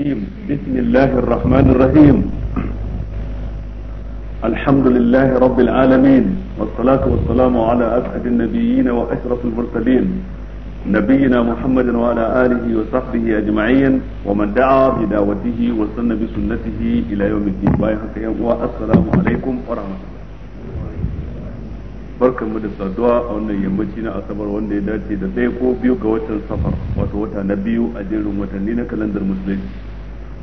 الرجيم بسم الله الرحمن الرحيم الحمد لله رب العالمين والصلاة والسلام على أسعد النبيين وأشرف المرسلين نبينا محمد وعلى آله وصحبه أجمعين ومن دعا بدعوته وسن بسنته إلى يوم الدين والسلام عليكم ورحمة الله barkan mu da saduwa a wannan yammaci na asabar wanda ya dace da ɗaya ko biyu ga watan safar wato wata na biyu a jerin watanni na kalandar musulunci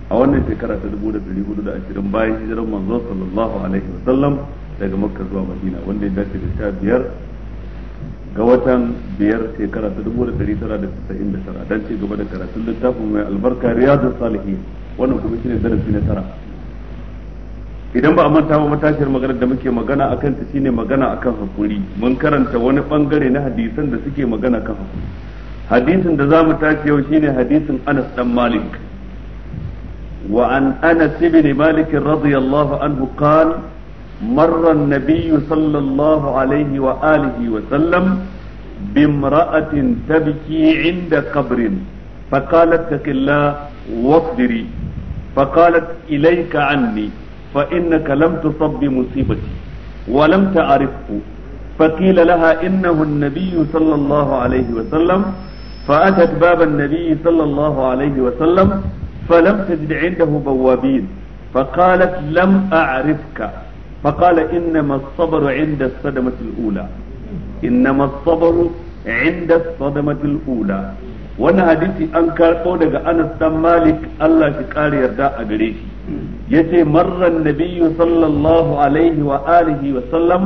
a wannan shekara ta dubu da dari hudu da ashirin bayan hijirar manzo sallallahu alaihi wa sallam daga makka zuwa madina wanda ya dace da sha biyar ga watan biyar shekara ta dubu da dari tara da tasa'in da tara don ce gaba da karatun littafin mai albarka riyadu salihi wannan kuma shine darasi na tara idan ba a manta ba matashiyar magana da muke magana akan ta shine magana akan hakuri mun karanta wani bangare na hadisan da suke magana kan hakuri hadisin da za mu tashi yau shine hadisin Anas dan Malik وعن أنس بن مالك رضي الله عنه قال مر النبي صلى الله عليه وآله وسلم بامرأة تبكي عند قبر فقالت اتق الله واصبري فقالت إليك عني فإنك لم تصب بمصيبتي ولم تعرفه فقيل لها إنه النبي صلى الله عليه وسلم فأتت باب النبي صلى الله عليه وسلم فلم تجد عنده بوابين فقالت لم أعرفك فقال إنما الصبر عند الصدمة الأولى إنما الصبر عند الصدمة الأولى wani hadisi an karɓo daga Anas dan Malik Allah shi ƙara yarda a gare shi yace marran nabiyyu sallallahu alaihi wa alihi wa sallam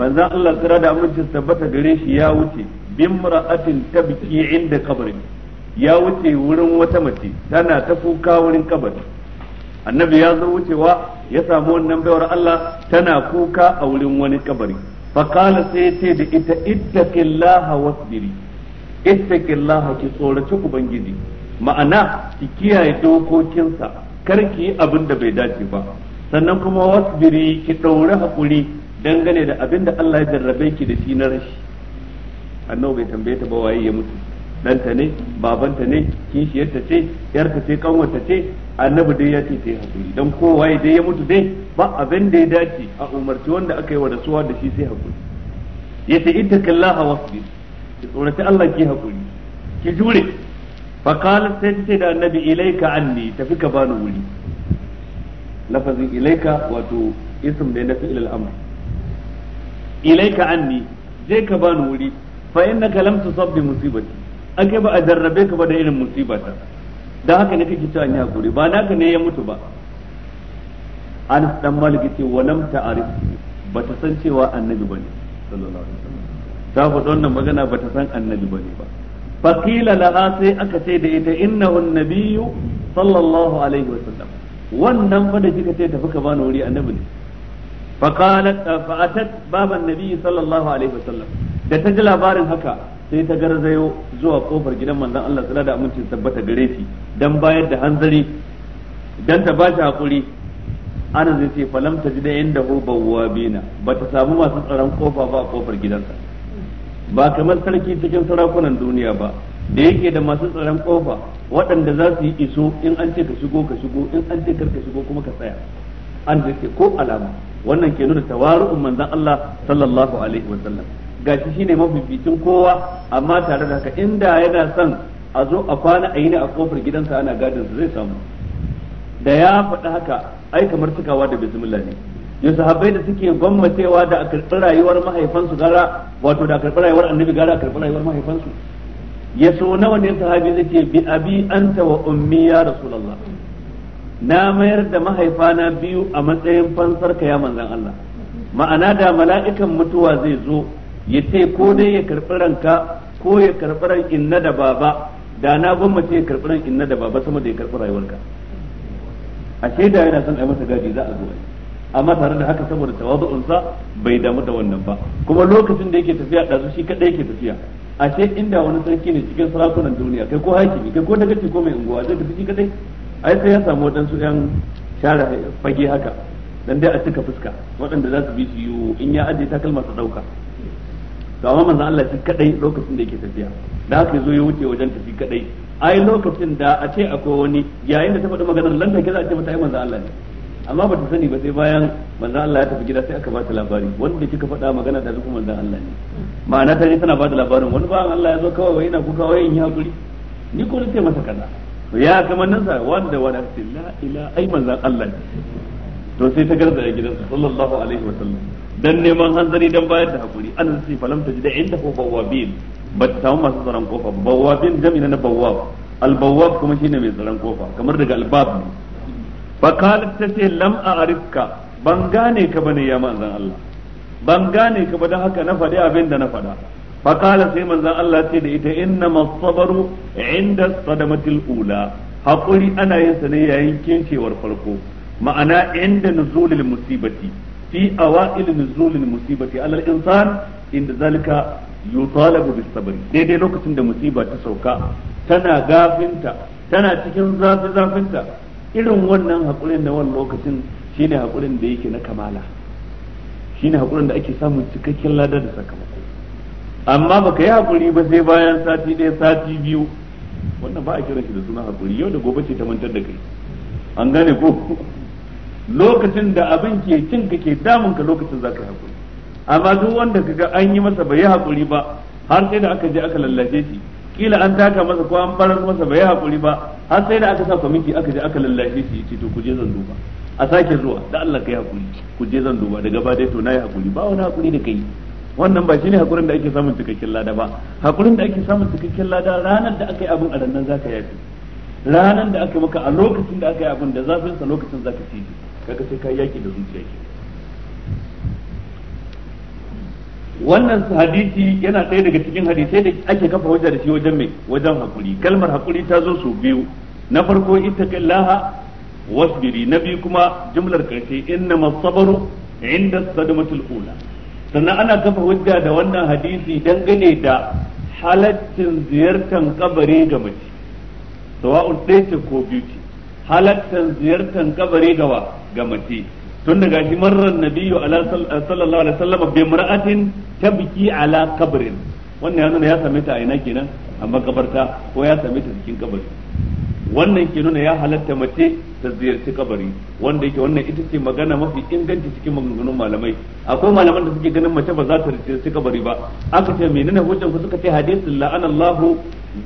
manzon Allah kira da amincin tabbata gare shi ya wuce bimra'atin tabki inda kabrin ya wuce wurin wata mace tana ta kuka wurin kabari annabi ya zo wucewa ya samu wannan baiwar Allah tana kuka a wurin wani kabari fa qala sai ce da ita ittaqillaha wasbiri ittaqillaha ki tsoraci ubangiji ma'ana ki kiyaye dokokinsa kar ki yi abin da bai dace ba sannan kuma wasbiri ki daure hakuri dangane da abin da Allah ya jarrabe ki da shi na rashi annabi bai tambaye ta ba waye ya mutu danta ne babanta ne kishiyarta ce yarta ce kanwarta ce annabi dai ya ce ta yi hakuri dan kowa ya dai ya mutu dai ba abin da ya dace a umarci wanda aka yi wa rasuwa da shi sai hakuri ya ita ittaqillaha wasbir ki tsorata Allah ki hakuri ki jure fa qalat sai ce da annabi ilaika anni tafi ka bani wuri lafazin ilaika wato ism ne na fi'il al-amr ilaika anni je ka bani wuri fa innaka lam tusab musibati an kai ba a jarrabe ka ba da irin musiba ta dan haka ne kake cewa ni hakuri ba naka ne ya mutu ba Anas dan Malik yace walam ta'arif bata san cewa annabi bane sallallahu alaihi wasallam ta faɗa wannan magana bata san annabi bane ba faqila laha sai aka ce da ita innahu annabiyyu sallallahu alaihi wasallam wannan fa da kika ce tafi ka bani wuri annabi ne faqalat fa'atat baban nabiyyi sallallahu alaihi wasallam da ta ji labarin haka sai ta garzayo zuwa kofar gidan manzon Allah wasallam da tabbata gare shi dan bayar da hanzari dan ta bashi hakuri ana zai ce falam ta ji da inda hu bina ba ta samu masu tsaron kofa ba a kofar gidansa ba kamar sarki cikin sarakunan duniya ba da yake da masu tsaron kofa waɗanda za su yi iso in an ce ka shigo ka shigo in an ce karka shigo kuma ka tsaya an zai ce ko alama wannan ke nuna tawaru'un manzon Allah sallallahu alaihi wasallam gashi shine mafificin kowa amma tare da haka inda yana son a zo a kwana a yi ne a kofar gidansa ana gadin zai samu da ya faɗi haka ai kamar cikawa da bismillah ne ya sahabbai da suke gwammacewa da a karɓi rayuwar mahaifansu gara wato da a karɓi rayuwar annabi gara a karɓi rayuwar mahaifansu ya so nawa ne sahabi zai ce bi abi anta wa ummi ya rasulullah na mayar da mahaifana biyu a matsayin fansar ka ya manzon Allah ma'ana da mala'ikan mutuwa zai zo ya ce ko dai ya karɓi ranka ko ya karɓi ran inna da baba da na mace ya karɓi ran inna da baba sama da ya karɓi rayuwarka a da yana son a yi masa gadi za a zo amma tare da haka saboda tawazu'unsa bai damu da wannan ba kuma lokacin da yake tafiya ɗazu shi kaɗai yake tafiya a ce inda wani sarki ne cikin sarakunan duniya kai ko hakimi kai ko dagaci ko mai unguwa zai tafi shi kaɗai ai sai ya samu waɗansu 'yan share fage haka dan dai a cika fuska waɗanda za su bi su yiwu in ya ajiye takalma su ɗauka to amma manzon Allah shi kadai lokacin da yake tafiya da haka zo ya wuce wajen tafi kadai ai lokacin da a ce akwai wani yayin da ta faɗi maganar lanta ke za a ce mata ai manzon Allah ne amma ba ta sani ba sai bayan manzon Allah ya tafi gida sai aka ba ta labari wanda kika faɗa magana da zuku manzon Allah ne ma'ana ta je tana ba da labarin wani bayan Allah ya zo kawai wai yana kuka wai in yi hakuri ni ko sai masa kaza to ya nan sa wanda wada la ila ai manzon Allah ne to sai ta garza gidansa sallallahu alaihi wa sallam dan neman hanzari dan bayar da hakuri an sai falam ta da inda ko bawabin ba ta samu masu tsaron kofa bawabin jami'a na bawab albawab kuma shine mai tsaron kofa kamar daga albab ne fa ta ce lam a'rifka ban gane ka bane ya manzon Allah ban gane ka ba dan haka na faɗi abin da na faɗa fa sai manzon Allah ce da ita inna masabaru inda sadamatil ula hakuri ana yin sa ne yayin kincewar farko ma'ana inda nuzulil musibati fi awa'il nuzul musibati alal insan inda zalika yutalabu bis sabr daidai lokacin da musiba ta sauka tana gafinta tana cikin zafi zafinta irin wannan hakurin da wannan lokacin shine hakurin da yake na kamala shine hakurin da ake samun cikakken lada da sakamako amma baka yi hakuri ba sai bayan sati ɗaya sati biyu wannan ba a kiran shi da suna hakuri yau da gobe ce ta mantar da kai an gane ko lokacin da abin ke cin ka ke damun ka lokacin za ka haƙuri, amma duk wanda kaga an yi masa bai haƙuri ba har sai da aka je aka lallace shi kila an taka masa ko an barar masa bai haƙuri ba har sai da aka sa kwamiti aka je aka lallace shi ce to ku je zan duba a sake zuwa da Allah kai haƙuri ku je zan duba daga ba dai to nayi haƙuri, ba wani haƙuri da kai wannan ba shine hakurin da ake samun cikakken lada ba hakurin da ake samun cikakken lada ranar da aka yi abin a rannan zaka yafi ranar da aka maka a lokacin da aka yi abin da zafin sa lokacin zaka ci kaga sai kai yaki da zuciya ke wannan hadisi yana ɗaya daga cikin hadisai da ake kafa hujja da shi wajen mai wajen hakuri kalmar hakuri ta zo su biyu na farko ittaqillaha wasbiri na biyu kuma jumlar karshe innama sabaru inda sadmatul ula sannan ana kafa hujja da wannan hadisi dangane da halaccin ziyartar kabari ga mace sawa'un ɗaya ce ko biyu ce halattan ziyartan kabari gawa ga mace tun daga shi marar nabiyyu ala eh, sallallahu alaihi wasallam bi mar'atin tabki ala kabrin wannan yana ya same ta a ina kenan a makabarta ko ya same ta cikin kabari wannan ke nuna ya halatta mace ta ziyarci kabari wanda yake wannan ita ce magana mafi inganci cikin maganganun malamai akwai malaman da suke ganin mace ba za ta ziyarci kabari ba aka ce menene hujjan ku suka ce hadisin la'anallahu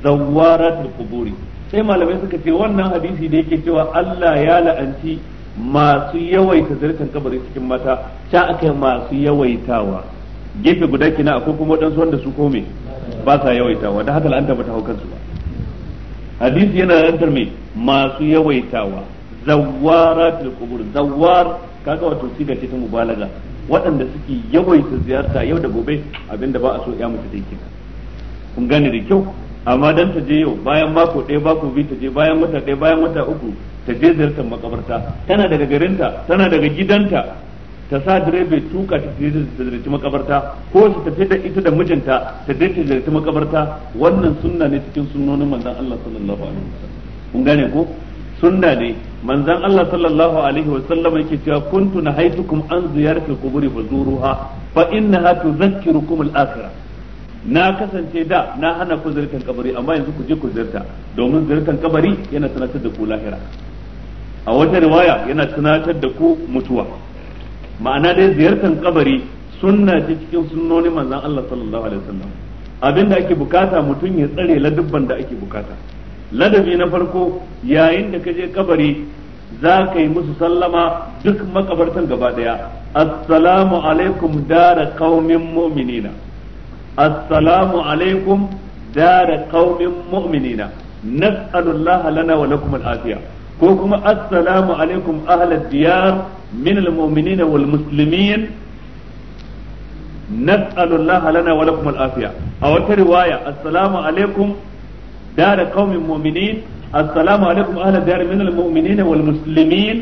zawwaratul quburi sai malamai suka ce wannan hadisi da yake cewa Allah ya la'anci masu yawaita zartan kabari cikin mata ta aka masu yawaitawa gefe guda kina akwai kuma waɗansu wanda su kome ba sa yawaitawa da haka la'anta mata hau kansu ba hadisi yana la'antar mai masu yawaitawa zawaratul qubur zawar kaga wato siga ce ta mubalaga waɗanda suke yawaita ziyarta yau da gobe abinda ba a so ya mutu dai kun gane da kyau amma dan ta je yau bayan mako ɗaya bako biyu ta je bayan wata ɗaya bayan wata uku ta je ziyartar makabarta tana daga garinta tana daga gidanta ta sa direbe tuka ta je ta ziyarci makabarta ko ta tafi da ita da mijinta ta je ta ziyarci makabarta wannan sunna ne cikin sunnonin manzon Allah sallallahu alaihi wasallam kun gane ko sunna ne manzon Allah sallallahu alaihi wasallam yake cewa kuntu nahaitukum an ziyarati fa zuruha fa innaha tudhakkirukum al-akhirah na kasance da na hana ku zirkan kabari amma yanzu ku je ku zirta domin zirkan kabari yana tunatar da ku lahira a wata riwaya yana tunatar da ku mutuwa ma'ana dai ziyartar kabari sunna ce cikin sunnoni manzon Allah sallallahu alaihi wasallam da ake bukata mutum ya tsare ladabban da ake bukata ladabi na farko yayin da ka je kabari za ka yi musu sallama duk makabartan gaba daya assalamu alaikum dara qaumin mu'minina assalamu alaikum dara qaumin mu'minina nas'alullaha lana wa lakum al-afiya ko kuma assalamu alaikum ahlad diyar min al-mu'minin wal muslimin nas'alullaha lana wa lakum al-afiya a wata riwaya assalamu alaikum dara qaumin mu'minin assalamu alaikum ahlad diyar min al-mu'minin wal muslimin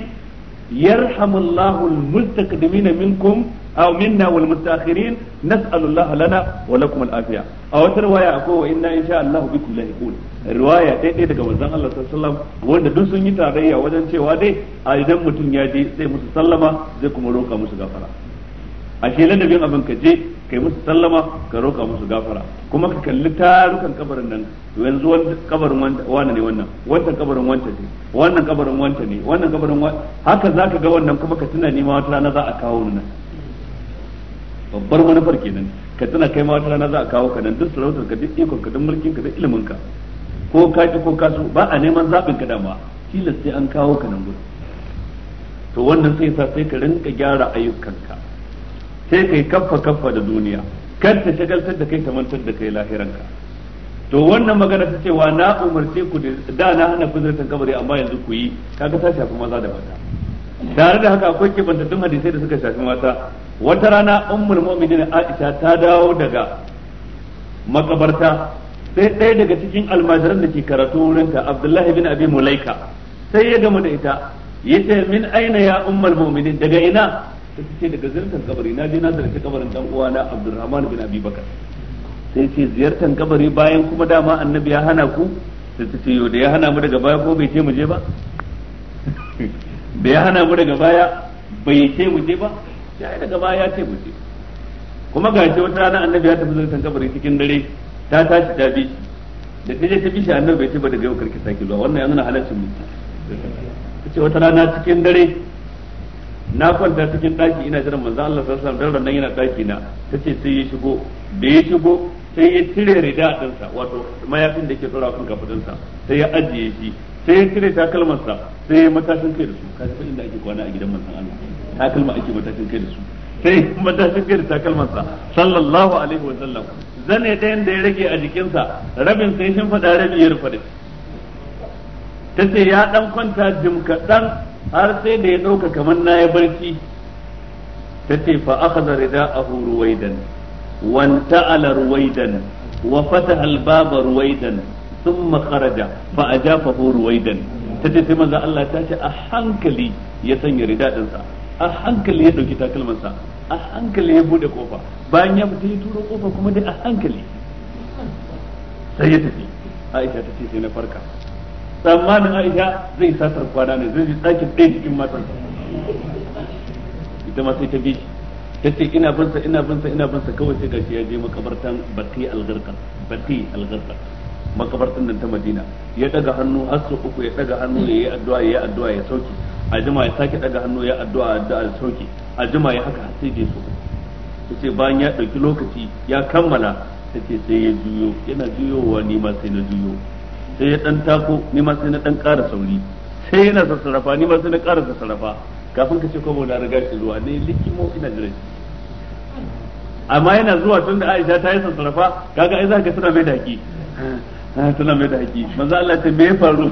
yarhamullahu al-mustaqdimin minkum aw minna wal mustaakhirin nas'alu Allah lana wa lakum al afiya a wata riwaya akwai wa inna insha Allah bikum lahiqun riwaya dai dai daga manzon Allah sallallahu alaihi wasallam wanda duk sun yi tarayya wajen cewa dai a idan mutum ya je sai musu sallama zai kuma roƙa musu gafara a shi ladabin abin ka je kai musu sallama ka roƙa musu gafara kuma ka kalli tarukan kabarin nan yanzu wani kabarin wani ne wannan wannan kabarin wanta ne wannan kabarin wanta ne wannan kabarin haka zaka ga wannan kuma ka tuna ni ma wata rana za a kawo nan babbar manufar kenan ka tana kai ma wata rana za a kawo ka nan duk sarautar ka duk ikon ka duk mulkin ka duk ilimin ka ko ka ko ka ba a neman zaɓin ka dama tilas sai an kawo ka nan gudu to wannan sai sa sai ka rinka gyara ayyukanka sai kai kaffa kaffa da duniya kar ta shagaltar da kai ta mantar da kai lahiranka to wannan magana ta cewa na umarce ku da na hana fuzurtan kabari amma yanzu ku yi kaga ta shafi maza da mata tare da haka akwai kibantattun hadisai da suka shafi mata wata rana ummul mu'minin Aisha ta dawo daga makabarta sai ɗaya daga cikin almajiran da ke karatu wurinta Abdullahi bin Abi Mulaika sai ya gama da ita yace min aina ya ummul mu'minin daga ina ta ce daga ziyartar kabari na je na ziyarci kabarin dan uwana Abdulrahman bin Abi Bakar sai ce ziyartar kabari bayan kuma dama annabi ya hana ku sai ta ce yau da ya hana mu daga baya ko bai ce mu je ba bai hana mu daga baya bai ce muje ba sai daga baya ya ce muje kuma ga shi wata rana annabi ya tafi zartan kabari cikin dare ta tashi ta bi da ta je ta bi shi annabi bai ce ba daga yau karki sake zuwa wannan ya nuna halaccin mu ta ce wata rana cikin dare na kwanta cikin daki ina jiran manzo Allah sallallahu alaihi wasallam dan yana daki na tace sai ya shigo da ya shigo sai ya cire rida dinsa wato mayafin da ke tsora kan kafadinsa sai ya ajiye shi sai ya cire takalmarsa sai ya matashin kai da su ka san inda ake kwana a gidan manzon Allah takalma ake matashin kai da su sai matashin kai da takalmarsa sallallahu alaihi wa sallam zane ta yanda ya rage a jikinsa rabin sai shin fada rabi ya rufa da ta ce ya dan kwanta jim kaɗan har sai da ya ɗauka kamar na ya barci ta ce fa aka zare da a ruwaidan wanta ala ruwaidan wa fata albaba ruwaidan thumma kharaja fa ajafahu ruwaidan tace sai manzo Allah ta ce a hankali ya sanya rida dinsa a hankali ya dauki takalmansa a hankali ya bude kofa bayan ya fita ya turo kofa kuma dai a hankali sai ya tafi Aisha ta ce sai na farka tsammanin Aisha zai satar kwana ne zai ita ma sai ta bi ta ce ina bin sa ina bin sa ina bin sa kawai sai gashi ya je makabartan bati algarkar bati algarkar makabartan nan ta Madina ya daga hannu har sau uku ya daga hannu ya yi addu'a ya yi addu'a ya sauke a jima ya sake daga hannu ya addu'a addu'a ya sauke a jima ya haka sai dai so ce bayan ya dauki lokaci ya kammala ce sai ya juyo yana juyowa ni ma sai na juyo sai ya dan tako ni ma sai na dan ƙara sauri sai yana sassarafa ni ma sai na ƙara sassarafa kafin ka ce ko na riga shi zuwa ne likimo ina jira shi amma yana zuwa tun da Aisha ta yi sassarafa kaga ai za ka suna mai daki Eh, tana mai da ake maza Allah ce me faru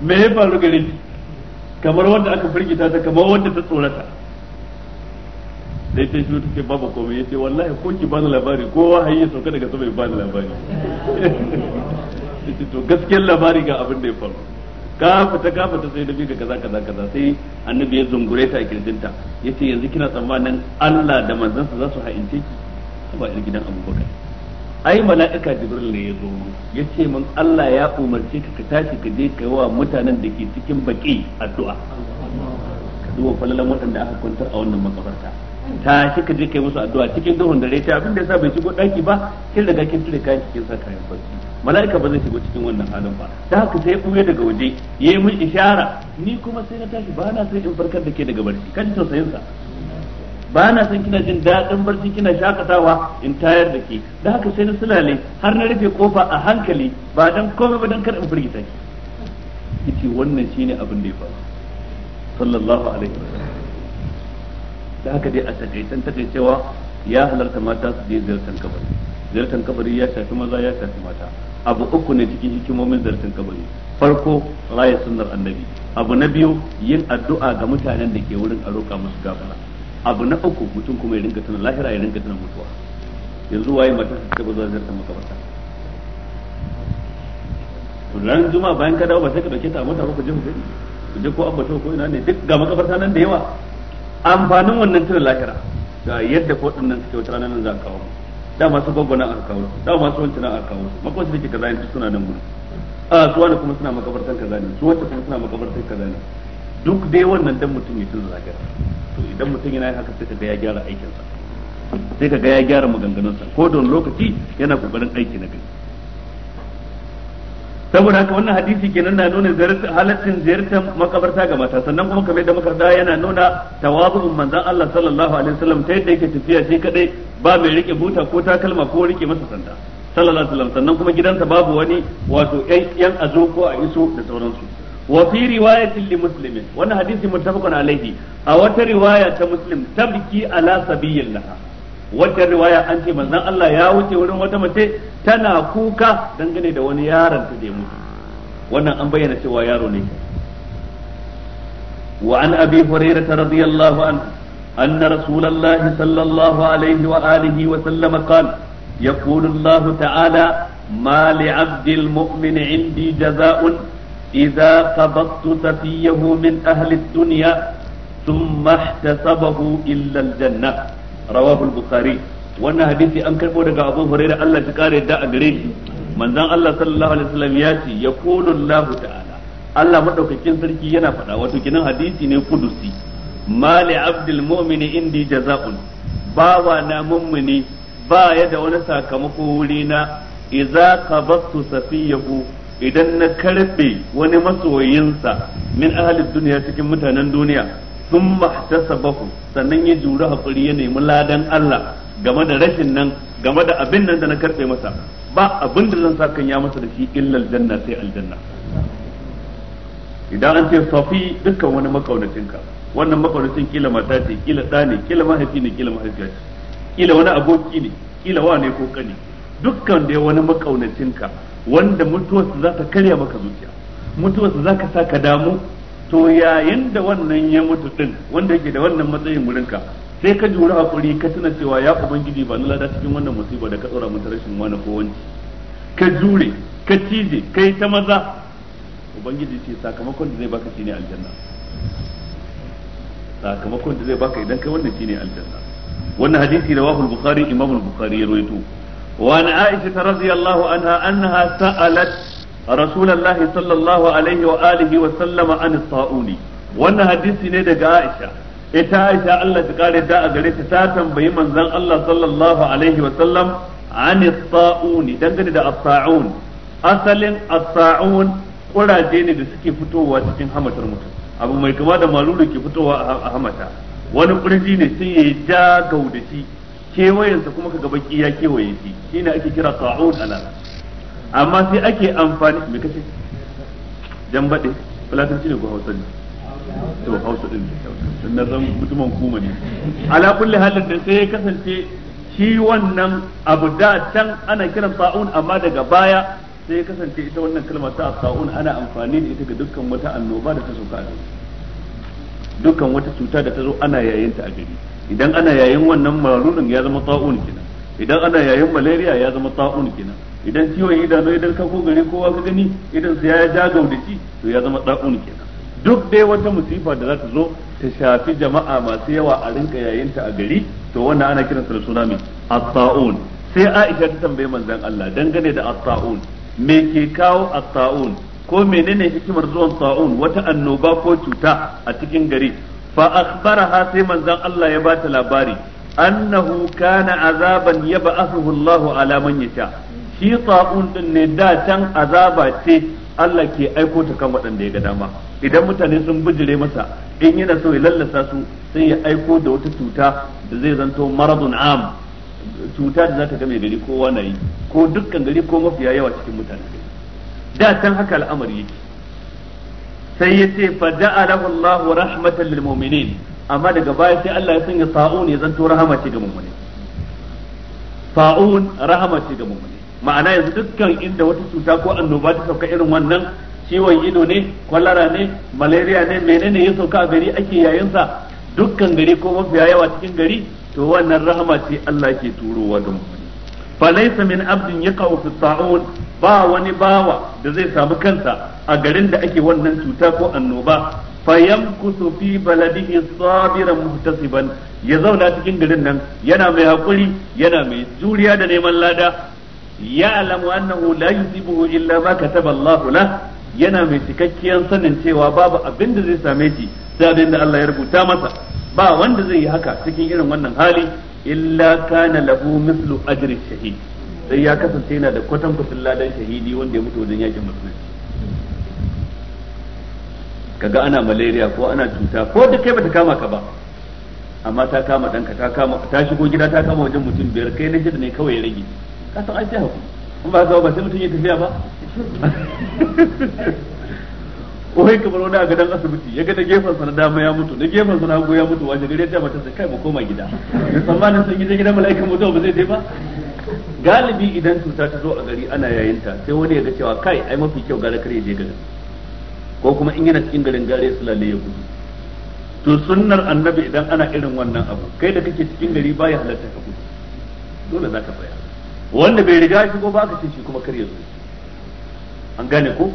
me ya faru gare kamar wanda aka firgita ta kamar wanda ta tsorata dai ta shi take babu komai ya ce wallahi ko ki bani labari ko wahayi ya sauka daga sama ya bani labari ita to gaskiyar labari ga abin da ya faru kafata kafata sai da bi ga kaza kaza kaza sai annabi ya zungure ta a kirjinta yace yanzu kina tsammanin Allah da manzansa za su ha'ince ki ba irgidan Abubakar ai mala'ika jibril ne ya zo ya ce min Allah ya umarce ka ka tashi ka je ka wa mutanen da ke cikin baki addu'a ka duba falalan waɗanda aka kwantar a wannan makabarta tashi ka je ka yi musu addu'a cikin duhun dare ta abin da yasa bai shigo daki ba kin riga kin tare kayan cikin sa kayan barci mala'ika ba zai shigo cikin wannan halin ba ta haka sai ya daga waje yayi min ishara ni kuma sai na tashi ba na sai in farkar da ke daga barci kan tausayin sa ba na son kina jin daɗin barci kina shakatawa in tayar da ke da haka sai na sulale har na rufe kofa a hankali ba dan komai ba dan kar in firgita ki yace wannan shine abin da ya faru sallallahu alaihi wasallam da haka dai a takaitan cewa ya halarta mata su je ziyartar kabari ziyartar kabari ya shafi maza ya shafi mata abu uku ne cikin hikimomin ziyartar kabari farko raya sunnar annabi abu na biyu yin addu'a ga mutanen da ke wurin a roƙa musu gafara abu na uku mutum kuma ya rinka tana lahira ya rinka tana mutuwa yanzu waye mata ta ba za ta ziyarta to ran juma'a bayan ka dawo ba sai ka dauke ta mota ba ku je ku gani ku je ko abba to ko ina ne duk ga makabarta nan da yawa amfanin wannan tana lahira da yadda ko dinnan suke wata ranar nan za ka kawo da masu gwaggwana a kawo su da masu wancan a kawo su da ke kaza yanzu suna nan gudu a su wani kuma suna makabartan kaza ne su wacce kuma suna makabartan kaza ne duk dai wannan dan mutum ya tuna lahira to idan mutum yana haka sai kaga ya gyara aikinsa sai kaga ya gyara sa ko don lokaci yana kokarin aiki na gari. saboda haka wannan hadisi kenan na nuna halaccin ziyartar makabarta ga mata sannan kuma kamar da muka yana nuna tawazu'un manzon Allah sallallahu alaihi wasallam ta yadda yake tafiya shi kadai ba mai rike buta ko takalma ko rike masa sanda sallallahu alaihi wasallam sannan kuma gidansa babu wani wato yan azo ko a iso da sauransu wa fi riwayatin wani muslimin wannan hadisi muttafaqun alaihi a wata riwaya ta muslim tabki ala wata riwaya an ce manzon Allah ya wuce wurin wata mace tana kuka dangane da wani yaron ta da mutu wannan an bayyana cewa yaro ne wa an abi hurairah radiyallahu anhu أن رسول الله صلى الله عليه وآله وسلم قال يقول ta'ala تعالى ما لعبد المؤمن عندي جزاء إذا قبضت سفيه من أهل الدنيا ثم احتسبه إلا janna رواه البخاري wannan hadisi an karbo daga Abu Hurairah Allah ya kare da a gare shi manzon Allah sallallahu alaihi wasallam ya ce yaqulu Allah ta'ala Allah madaukakin sarki yana faɗa wato kinan hadisi ne kudusi mali abdul mu'mini indi jaza'un bawa na mummuni ba ya da wani sakamako wurina idza qabattu safiyahu idan na karbe wani masoyinsa min ahalid duniya cikin mutanen duniya sun mahtasabahu sannan ya juri haƙuri ya nemi ladan Allah game da rashin nan game da abin nan da na karbe masa ba abin da zan sakan ya masa da shi illal janna sai aljanna idan an ce safi dukkan wani makaunacinka wannan makaunacin kila mata ce kila ɗa ne kila mahaifi ne kila mahaifiya ce kila wani aboki ne kila wa ne ko kani dukkan da wani makaunacinka wanda mutuwarsa za ta karya maka zuciya mutuwarsa za ka sa ka damu to yayin da wannan ya mutu din wanda yake da wannan matsayin wurinka sai ka jura hakuri ka tuna cewa ya ubangiji ba na lada cikin wannan musiba da ka tsora mata rashin wani ko wanci ka jure ka cije ka yi ta maza ubangiji ce sakamakon da zai baka shine aljanna sakamakon da zai baka idan kai wannan shine aljanna wannan hadisi rawahu al-bukhari imam al-bukhari ya rawaito وعن عائشة رضي الله عنها أنها سألت رسول الله صلى الله عليه وآله وسلم عن الطاعون wannan hadisi ne daga Aisha ita Aisha Allah ta kare da a gare ta ta tambayi manzan Allah sallallahu alaihi wa sallam an as dangane da as asalin as ƙuraje ne da suke fitowa cikin hamatar mutum abu mai kama da malulu ke fitowa a hamata wani kurji ne sai ya ja gaudaci kewayensa kuma kaga baki ya kewaye shi shine ake kira ta'un ala amma sai ake amfani me kace dan bade fulatanci ne ko hausa ne to hausa din ne dan zan mutumin kuma ne ala kulli halin da sai kasance shi wannan abu da can ana kiran ta'un amma daga baya sai kasance ita wannan kalmar ta ta'un ana amfani da ita ga dukkan wata annoba da ta sauka ka dukkan wata cuta da ta zo ana yayinta a gari idan ana yayin wannan marunin ya zama ta'un kina idan ana yayin malaria ya zama ta'un kina idan ciwon idanu idan ka ko gari kowa ka gani idan sai ya ja da to ya zama ta'un kina duk dai wata musifa da za ta zo ta shafi jama'a masu yawa a rinka yayin ta a gari to wannan ana kiran sa da suna mai at-ta'un sai Aisha ta tambaye manzon Allah dangane da at-ta'un me ke kawo at-ta'un ko menene hikimar zuwan ta'un wata annoba ko cuta a cikin gari fa akhbaraha sai manzon Allah ya bata labari annahu kana azaban yab'athuhu Allah ala man yasha shi ta'un din ne da can azaba ce Allah ke aiko ta kan waɗanda ya ga dama idan mutane sun bijire masa in yana so ya lallasa su sai ya aiko da wata cuta da zai zanto maradun am cuta da za ta game gari kowa na yi ko dukkan gari ko mafiya yawa cikin mutane da can haka al'amari yake sai ya ce fa ja'alahu Allah rahmatan lil mu'minin amma daga baya sai Allah ya sanya sa'un ya zanto rahama ce ga mu'mini sa'un rahama ga mu'mini ma'ana yanzu dukkan inda wata cuta ko annoba ta sauka irin wannan ciwon ido ne kwalara ne malaria ne menene ya sauka a gari ake yayinsa dukkan gari ko mafiya yawa cikin gari to wannan rahama ce Allah ke turowa ga mu'mini falaysa min abdin yaqau fi sa'un ba wani bawa da zai samu kansa a garin da ake wannan cuta ko annoba fayamkusu fi baladihi sabiran muhtasiban ya zauna cikin garin nan yana mai hakuri yana mai juriya da neman lada alamu annahu la yusibuhu illa ma kataba Allah la yana mai cikakkiyar sanin cewa babu abin da zai same shi sai abin da Allah ya rubuta masa ba wanda zai yi haka cikin irin wannan hali illa kana lahu mislu ajri shahid sai ya kasance yana da kwatankwacin ladan shahidi wanda ya mutu wajen yakin musulunci kaga ana malaria ko ana cuta ko duk kai bata kama ka ba amma ta kama danka ta kama ta shigo gida ta kama wajen mutum biyar kai na shida ne kawai ya rage ka san an haku hakuri kuma ba ba sai mutum ya tafiya ba wai kamar wani a gadon asibiti ya ga na gefen sa na dama ya mutu na gefen sa na hagu ya mutu wajen gare ta mata sai kai mu koma gida da tsammanin sun gida gida mala'ikan mutuwa ba zai dai ba galibi idan cuta ta zo a gari ana yayin ta sai wani ya ga cewa kai ai mafi kyau gara kare je garin ko kuma in yana cikin garin gare su lalle ya gudu to sunnar annabi idan ana irin wannan abu kai da kake cikin gari baya halatta ka gudu dole za ka baya. wanda bai riga shigo ba ka ce shi kuma kar ya zo an gane ko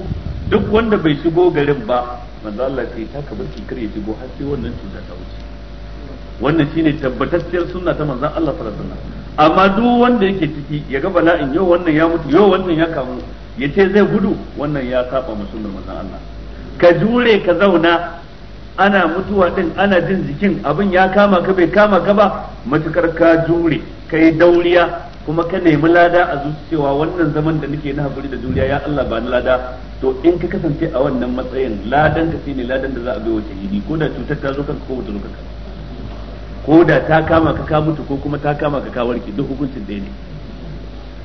duk wanda bai shigo garin ba manzo Allah sai ta ka barki kare shigo har sai wannan cuta ta wuce wannan shine tabbatacciyar sunna ta manzo Allah sallallahu alaihi wasallam amma duk wanda yake ciki ya ga bala'in yau wannan ya mutu yau wannan ya kamu ya ce zai gudu wannan ya saba da mazan Allah ka jure ka zauna ana mutuwa din ana jin jikin abin ya kama ka bai kama ka ba matukar ka jure ka yi dauriya kuma ka nemi lada a zuciyawa wannan zaman da nake na hakuri da juriya ya Allah ba ni lada to in ka kasance a wannan matsayin ladan ka shine ladan da za a bai wa shahidi ko da cutar ta zo kanka ko ta zo kanka ko da ta kama ka ka mutu ko kuma ta kama ka ka warke duk hukuncin ɗaya ne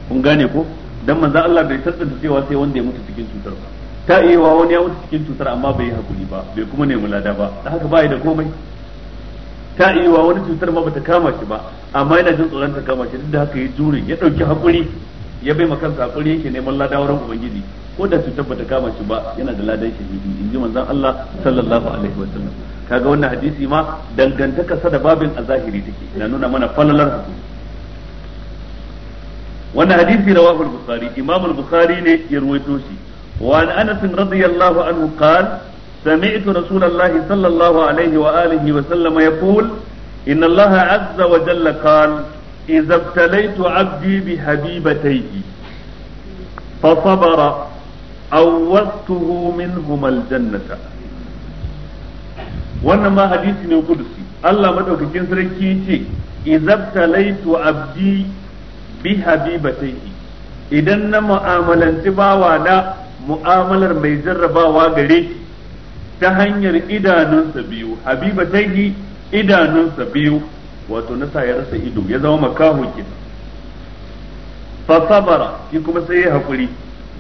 kun gane ko dan manzo Allah bai tantance cewa sai wanda ya mutu cikin cutar ba ta iya wani ya mutu cikin cutar amma bai yi hakuri ba bai kuma nemi lada ba da haka bai da komai ta iya wani cutar ma bata kama shi ba amma yana jin tsoron ta kama shi duk da haka ya jure ya dauki hakuri ya bai kansa hakuri yake neman lada wurin ubangiji ko da cutar bata kama shi ba yana da ladan shahidi in ji manzon Allah sallallahu alaihi wasallam kaga wannan hadisi ma dangantaka sa da babin a zahiri take na nuna mana falalar hakuri wannan hadisi rawahu al-bukhari imam al-bukhari ne ya ruwaito shi wa an anas radiyallahu anhu qala سمعت رسول الله صلى الله عليه وآله وسلم يقول إن الله عز وجل قال إذا ابتليت عبدي بحبيبتيه فصبر منهما الجنة wannan ma hadisi ne kudusi Allah madaukakin sarki ce izabtalaitu abdi bi habibatihi idan na mu'amalanci bawa na mu'amalar mai jarrabawa gare shi ta hanyar idanunsa biyu habibatihi idanunsa biyu wato na sa ya rasa ido ya zama makaho kenan fa sabara shi kuma sai ya hakuri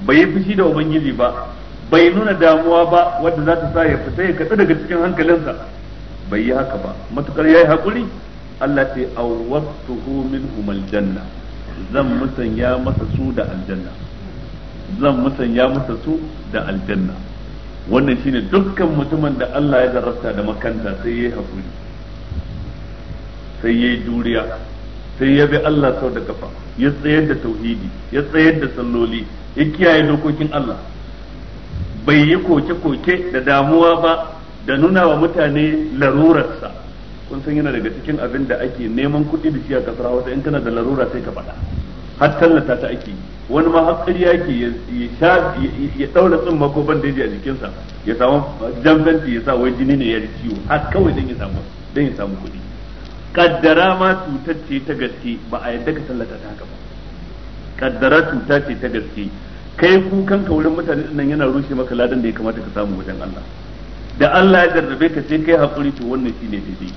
bai yi fushi da ubangiji ba bai nuna damuwa ba wadda za ta sa ya fita ya kaɗu daga cikin hankalinsa bai yi haka ba matukar ya yi haƙuri Allah ce awwatuhu minhum janna zan musanya masa su da aljanna zan musanya masa su da aljanna wannan shine dukkan mutumin da Allah ya zarrafta da makanta sai ya yi haƙuri sai ya yi juriya sai ya bi Allah sau da kafa ya tsayar da tauhidi ya tsayar da salloli ya kiyaye dokokin Allah bai yi koke-koke da damuwa ba da nuna wa mutane larurarsa kun san yana daga cikin abin da ake neman kuɗi da shi a kasar hausa in kana da larura sai ka faɗa har tallata ta ake wani ma har ƙarya ke ya sha ya ɗaura tsumma ko bandeji a jikinsa ya samu jan ya sa wai jini ne ya ciwo har kawai don ya samu dan ya samu kuɗi kaddara ma cutar ce ta gaske ba a yadda ka tallata ta haka ba kaddara cuta ce ta gaske kai kukan ka wurin mutane nan yana rushe maka ladan da ya kamata ka samu wajen Allah da Allah ya jarrabe ka sai kai hakuri to wannan shine daidai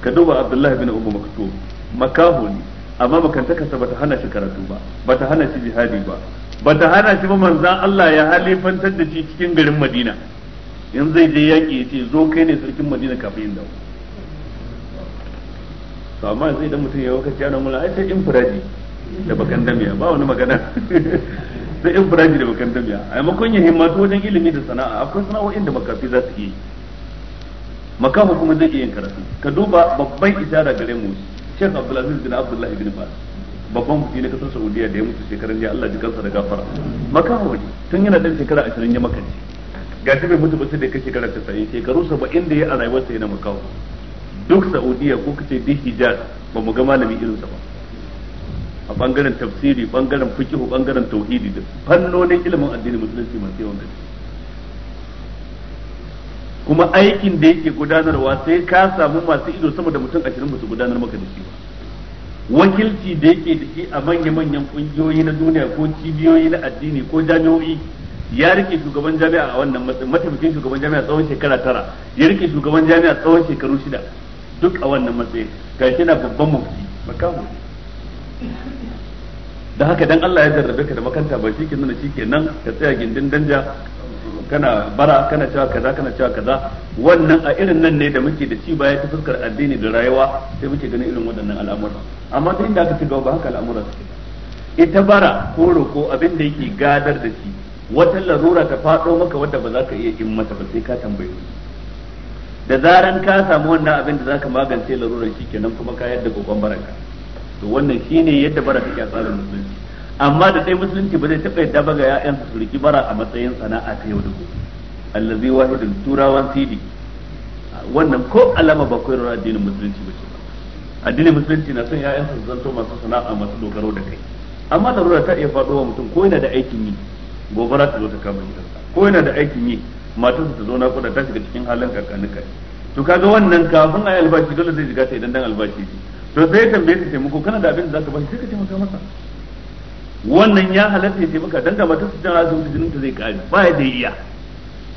ka duba Abdullahi bin Ummu Maktum makaho ne amma makantaka sa bata hana shi karatu ba bata hana shi jihadi ba bata hana shi ba manzan Allah ya halifantar da shi cikin garin Madina in zai je yaƙi ya ce zo kai ne sarkin Madina kafin yin dawo to amma yanzu idan mutum ya wakaci ana mula ai sai da bakan damiya ba wani magana sai in infiraji da bakan damiya a makon yin himmatu wajen ilimi da sana'a akwai sana'o'in da makafi za su yi makafi kuma zai iya yin karatu ka duba babban ishara gare mu shek Abdulaziz bin abdullahi bin ba babban mutum na kasar Saudiya da ya mutu shekaran jiya Allah jikansa da gafara makafi ne tun yana dan shekara ashirin ya makance gashi bai mutu ba sai da kai shekara 90 shekaru saba'in da ya a rayuwarsa yana makafi duk Saudiya ko kace duk Hijaz ba mu ga malami irinsa ba a bangaren tafsiri bangaren fikihu bangaren tauhidi da fannonin ilimin addinin musulunci masu yawan gaske kuma aikin da yake gudanarwa sai ka samu masu ido sama da mutum ashirin ba gudanar maka da shi ba wakilci da yake da shi a manya-manyan kungiyoyi na duniya ko cibiyoyi na addini ko jami'o'i ya rike shugaban jami'a a wannan matsayin mataimakin shugaban jami'a tsawon shekara tara ya rike shugaban jami'a tsawon shekaru shida duk a wannan matsayin shi na babban mafi makamu da haka dan Allah ya jarrabe ka da makanta ba shi ke nuna shi ke nan ka tsaya gindin danja kana bara kana cewa kaza kana cewa kaza wannan a irin nan ne da muke da ci baya ta fuskar addini da rayuwa sai muke ganin irin waɗannan al'amura amma ta inda aka ci gaba ba haka al'amura suke ita bara ko roko abin da yake gadar da shi wata larura ta faɗo maka wadda ba za ka iya in mata ba sai ka tambaye da zaran ka samu wannan abin da za ka magance larurar shi kenan kuma ka yadda kokon baraka to wannan shine yadda bara take a tsarin musulunci amma da dai musulunci ba zai taɓa yadda ba ga ƴaƴansa su riki bara a matsayin sana'a ta yau da gobe allazi wahidul turawan sidi wannan ko alama ba da addinin musulunci ba ba addinin musulunci na son ƴaƴansa su zanto masu sana'a masu dogaro da kai amma larura ta iya faɗo wa mutum ko yana da aikin yi gobara ta zo ta kama gidansa ko yana da aikin yi su ta zo na kuɗa ta shiga cikin halin kai to kaga wannan kafin a albashi dole zai shiga ta idan dan albashi to sai tambaye ka taimako kana da abin da zaka bashi sai ka taimaka masa wannan ya halatta ya taimaka dan da matar su tana asibiti jinin ta zai kare ba ya da iya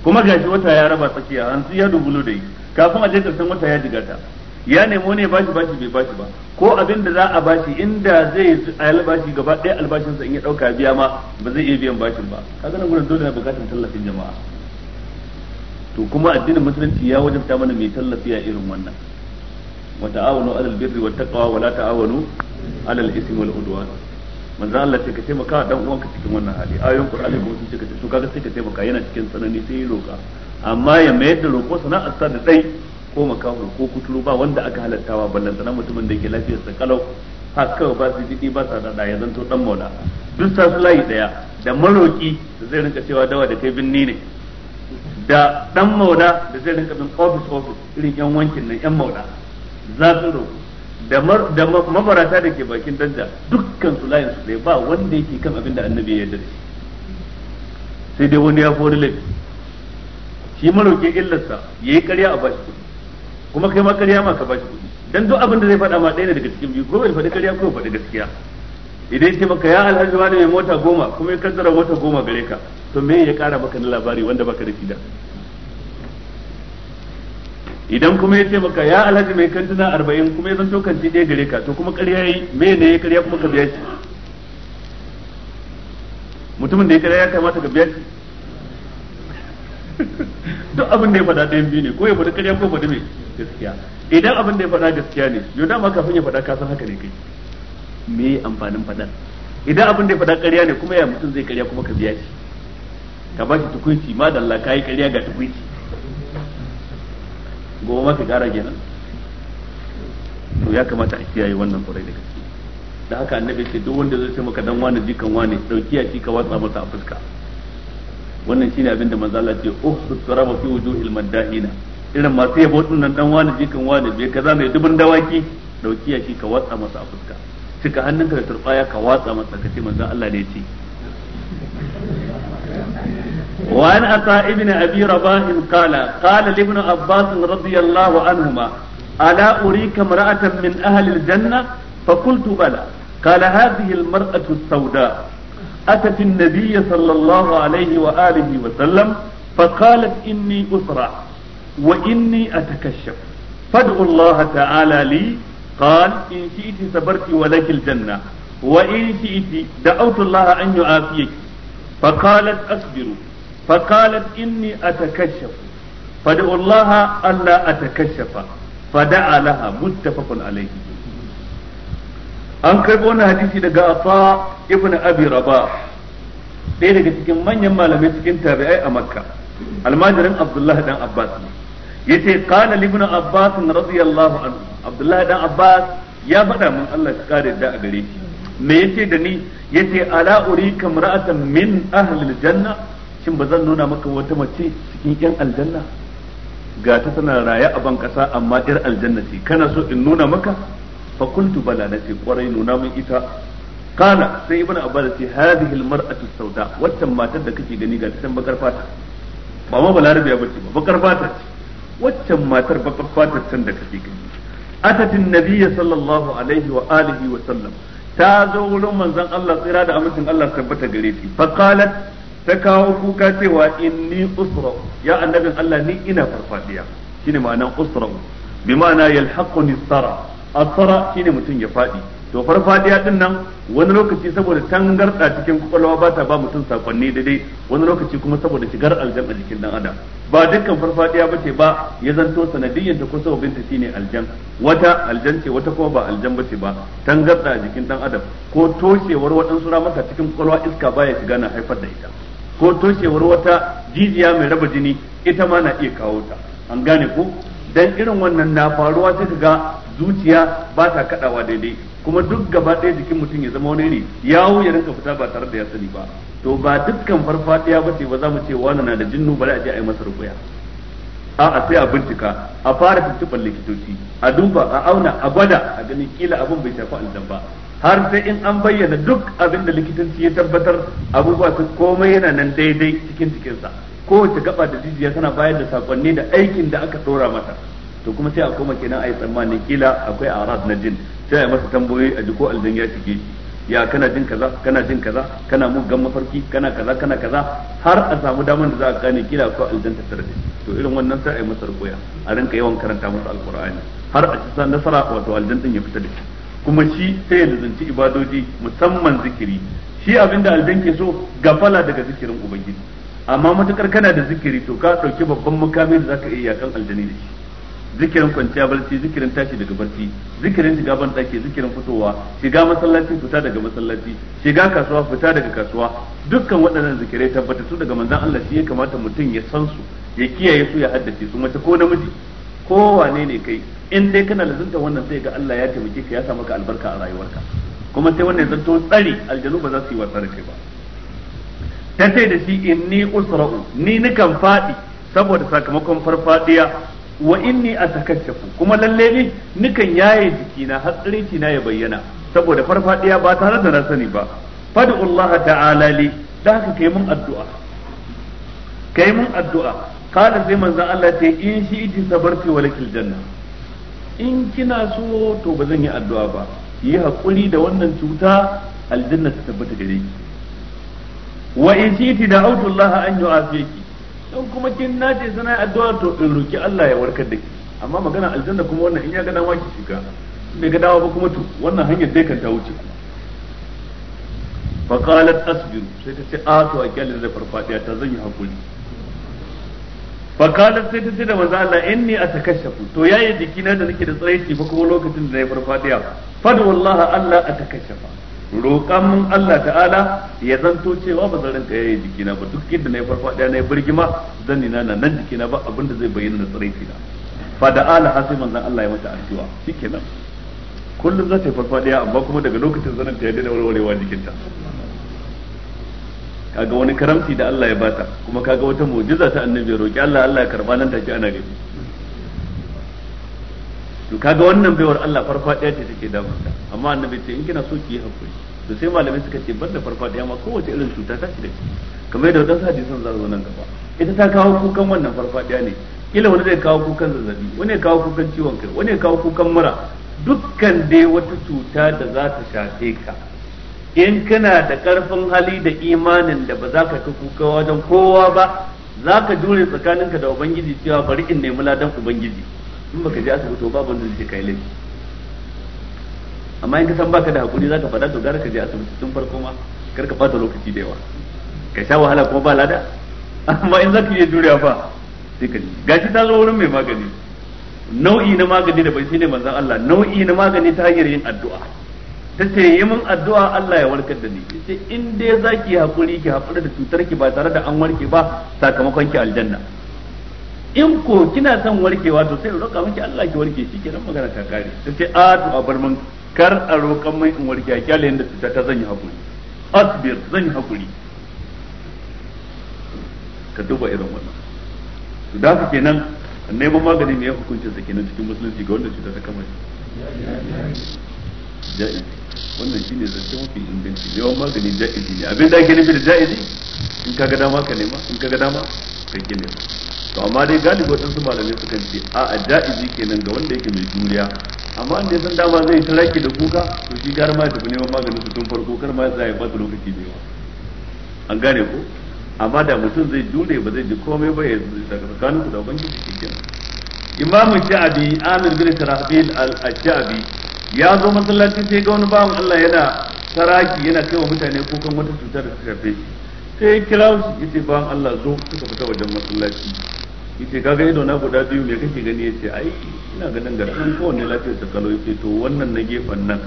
kuma gashi wata ya raba tsakiya an ya dubulo da yi kafin a je karshen wata ya jigata ya nemo ne bashi bashi bai bashi ba ko abin da za a bashi inda zai albashi gaba ɗaya albashinsa in ya ɗauka biya ma ba zai iya biyan bashin ba kaga nan gurin dole na bukatar tallafin jama'a to kuma addinin musulunci ya wajabta mana mai tallafi a irin wannan وتعاونوا على البر والتقوى ولا تعاونوا على الإثم والعدوان manzo Allah sai ka taimaka dan ka cikin wannan hali ayoyin Qur'ani kuma sun ce ka kaga sai ka taimaka yana cikin tsanani sai ya roka amma ya mayar da roko sana'ar sa da dai ko makahu ko kuturu ba wanda aka halattawa ballan sana mutumin da yake lafiyar sa kalau haka ba su didi ba sa dada ya zanto dan maula duk sa layi daya da maroki da zai rinka cewa dawa da kai binni ne da dan mauda da zai rinka bin office office irin yan wankin nan yan mauda. zafin rogo da mamarata da ke bakin danja dukkan su layin su ba wanda yake kan abin da annabi ya yarda sai dai wani ya fori laifi shi maroke illarsa ya yi karya a bashi kuɗi kuma kai ma karya ma ka bashi kuɗi dan duk abin da zai faɗa ma ɗaya ne daga cikin biyu ko bai faɗi karya ko faɗi gaskiya idan ce maka ya alhaji wani mai mota goma kuma ya kaddara mota goma gare ka to me ya ƙara maka na labari wanda baka da shi da idan kuma ya ce maka ya alhaji mai kantuna arba'in kuma ya zanto kanti ɗaya gare ka to kuma ƙarya yi me ne ya ƙarya kuma ka biya shi mutumin da ya ƙarya ya kamata ka biya shi duk abin da ya faɗa ɗayan biyu ne ko ya faɗi ƙarya ko faɗi mai gaskiya idan abin da ya faɗa gaskiya ne yau dama kafin ya faɗa ka san haka ne kai me amfanin faɗa idan abin da ya faɗa ƙarya ne kuma ya mutum zai ƙarya kuma ka biya shi ka ba shi tukunci ma da Allah ka yi ƙarya ga tukunci gobe ma ka kara kenan to ya kamata a kiyaye wannan kwarai da gaske da haka annabi ce duk wanda zai ce maka dan wani jikan wani dauki ya ka watsa masa a fuska wannan shine abin da manzo Allah ce oh uhsu ma fi wujuhil madahina irin masu yabo dinnan dan wani jikan wani bai kaza mai dubin dawaki dauki ya ka watsa masa a fuska cika hannunka da turbaya ka watsa masa kace manzo Allah ne ce وعن عطاء بن ابي رباح قال قال لابن عباس رضي الله عنهما الا اريك امراه من اهل الجنه فقلت بلى قال هذه المراه السوداء اتت النبي صلى الله عليه واله وسلم فقالت اني اسرع واني اتكشف فادعوا الله تعالى لي قال ان شئت صبرت ولك الجنه وان شئت دعوت الله ان يعافيك فقالت اصبروا فقالت إني أتكشف فدعوا الله ألا أتكشف فدعا لها متفق عليه an karɓi wani hadisi daga Asa ibn Abi ɗaya daga cikin manyan malamai cikin tabi'ai a Makka almajirin Abdullah dan Abbas ne yace qala ibn Abbas radiyallahu anhu Abdullah dan Abbas ya faɗa min Allah ya kare da a gare shi me yace da ni yace ala urika min ahli janna? shin ba zan nuna maka wata mace cikin yan aljanna ga ta tana raye a ban kasa amma yar aljanna ce kana so in nuna maka fa kuntu bala nace kwarai nuna min ita kana sai ibn abbas ce hadhihi almar'atu sauda waccan matar da kake gani ga ta san bakar fata ba ma ya bace ba bakar fata ce waccan matar bakar fata can da kake gani atatin nabiyyi sallallahu alaihi wa alihi wa sallam ta zo wurin manzon Allah tsira da amincin Allah tabbata gare shi fa qalat ta kawo kuka cewa ni usra ya annabin Allah ni ina farfadiya shine ma'anan usra bi ma'ana yalhaquni sara asara shine mutum ya fadi to farfadiya din nan wani lokaci saboda tangarda cikin kwakwalwa ba ta ba mutum sakonni dai wani lokaci kuma saboda shigar aljan a jikin dan adam ba dukkan farfadiya ba ce ba ya zanto sanadiyyar ta kusa binta shine aljan wata aljan ce wata kuma ba aljan ba ce ba tangarda a jikin dan adam ko toshewar waɗansu ramuka cikin kwakwalwa iska baya shiga na haifar da ita ko toshewar wata jijiya mai raba jini ita ma na iya kawo ta an gane ko dan irin wannan na faruwa sai ga zuciya ba ta kadawa daidai kuma duk gaba ɗaya jikin mutum ya zama wani ne ya ya rinka fita ba tare da ya sani ba to ba dukkan farfadiya ba ce ba za mu ce wani na da jinnu bari a je a yi masa a a'a sai a bincika a fara tuntuɓar likitoci a duba a auna a gwada a ganin kila abin bai shafi aljan ba har sai in an bayyana duk abin da likitanci ya tabbatar abubuwa su komai yana nan daidai cikin jikinsa kowace gaba da jijiya tana bayar da sakonni da aikin da aka dora mata to kuma sai a koma kenan a yi tsammanin kila akwai arad na jin sai a yi masa tambayoyi a jiko aljan ya shige ya kana jin kaza kana jin kaza kana mugan mafarki kana kaza kana kaza har a samu damar da za a gane kila akwai aljan ta tare to irin wannan sai a yi masa rukuya a rinka yawan karanta masa alkurani har a ci nasara wato aljan din ya fita da shi kuma shi sai ya lazanci ibadoji musamman zikiri shi abinda aljan ke so gafala daga zikirin ubangiji amma matukar kana da zikiri to ka dauki babban makami da zaka iya kan aljani da shi zikirin kwanciya barci zikirin tashi daga barci zikirin shiga ban daki zikirin fitowa shiga masallaci fita daga masallaci shiga kasuwa fita daga kasuwa dukkan waɗannan zikirai tabbatattu daga manzon Allah shi ya kamata mutum ya san su ya kiyaye su ya haddace su mace ko namiji kowane ne kai in dai kana lazunta wannan sai ga Allah ya taimake ka ya sa maka albarka a rayuwarka kuma sai wannan zanto tsari aljanu ba za su yi wa tsare kai ba ta sai da shi inni usra'u ni nikan fadi saboda sakamakon farfadiya wa inni atakashafu kuma lalle ni nukan yaye jikina hatsarici na ya bayyana saboda farfadiya ba tare da na sani ba fad'u Allah ta'ala li da haka kai mun addu'a kai mun addu'a Kada sai manzan Allah ce in shi iti sabarti wa lakil janna in kina so to ba yi addu'a ba yi hakuri da wannan cuta aljanna ta tabbata gare ki wa in shi iti da Allah an yu'afiki don kuma kin nace sana'a addu'a to in roki Allah ya warkar da ki amma magana aljanna kuma wannan in ya ga dama ki shiga bai ga dawa ba kuma to wannan hanyar dai kan ta wuce fa qalat asbiru sai ta ce a to a kyalin da farfadiya ta zan yi hakuri fa sai ta ce da manzo Allah inni atakashafu to yayi jikina da nake da tsayi ba kuma lokacin da na farfadiya da wallahi Allah atakashafa roƙan mun Allah ta'ala ya zanto cewa ba zan ranka yayi jikina ba duk inda nayi farfadiya yi birgima zan ina na nan jikina ba abinda zai bayyana da tsaraici na fa da ala sai manzo Allah ya mata addu'a shikenan kullum za ta yi farfadiya amma kuma daga lokacin zanen ta ya daina warwarewa jikinta kaga wani karamci da Allah ya bata kuma kaga wata mu'jiza ta annabi roki Allah Allah ya karba nan take ana gani to kaga wannan baiwar Allah farfadiya ce take damar ta amma annabi ce in kina so ki yi hakuri to sai malamai suka ce banda farfadiya ma kowace irin cuta ta ce da shi kamar yadda wadansu hadisan za zo nan gaba ita ta kawo kukan wannan farfadiya ne kila wani zai kawo kukan zazzabi wani ya kawo kukan ciwon kai wani ya kawo kukan mura dukkan dai wata cuta da za ta shafe ka in kana da ƙarfin hali da imanin da ba za ka ka kuka wajen kowa ba za ka jure tsakaninka da ubangiji cewa bari in nemi ladan ubangiji in baka je asibiti ba ban zai kai laifi amma in ka san baka da hakuri za ka faɗa to gara ka je asibiti tun farko ma kar ka fata lokaci da yawa ka sha wahala kuma ba lada amma in za ka iya jure fa sai ka gashi ta zo wurin mai magani nau'i na magani da bai shine manzon Allah nau'i na magani ta hanyar yin addu'a ta ce yi min addu'a Allah ya warkar da ni ce in dai ki hakuri ki haƙuri da cutar ki ba tare da an warke ba sakamakon ki aljanna in ko kina son warkewa to sai roƙa miki Allah ki warke shi kenan magana ta kare ta ce a to a bar min kar a roƙan mai in warke a kyale yadda cuta ta zan yi hakuri asbir zan yi hakuri ka duba irin wannan to da haka kenan neman magani ne ya hukunce sa kenan cikin musulunci ga wanda cuta ta kama shi jaiz wannan shine zance mafi inganci yawan magani ja'izi ne abin da ake nufi da ja'izi in kaga dama ka nema in kaga dama ka ki nema to amma dai galibi wadansu malamai suka ce a a ja'izi kenan ga wanda yake mai juriya amma inda ya san dama zai yi taraki da kuka to shi gara ma ya tafi neman maganin su tun farko kar ma ya ba su lokaci da yawa an gane ko amma da mutum zai jure ba zai ji komai ba ya daga tsakanin ku da ubangiji ke kenan imamu sha'abi amir bin sarabil al-sha'abi ya zo masallaci sai ga wani mu Allah yana saraki yana kai wa mutane kukan wata cuta da ta shafe shi sai ya kira ba yace Allah zo suka fita wajen masallaci yace kaga ido na guda biyu me kake gani yace ai ina ganin ga sun lafiyar ta kalau yace to wannan na gefen nan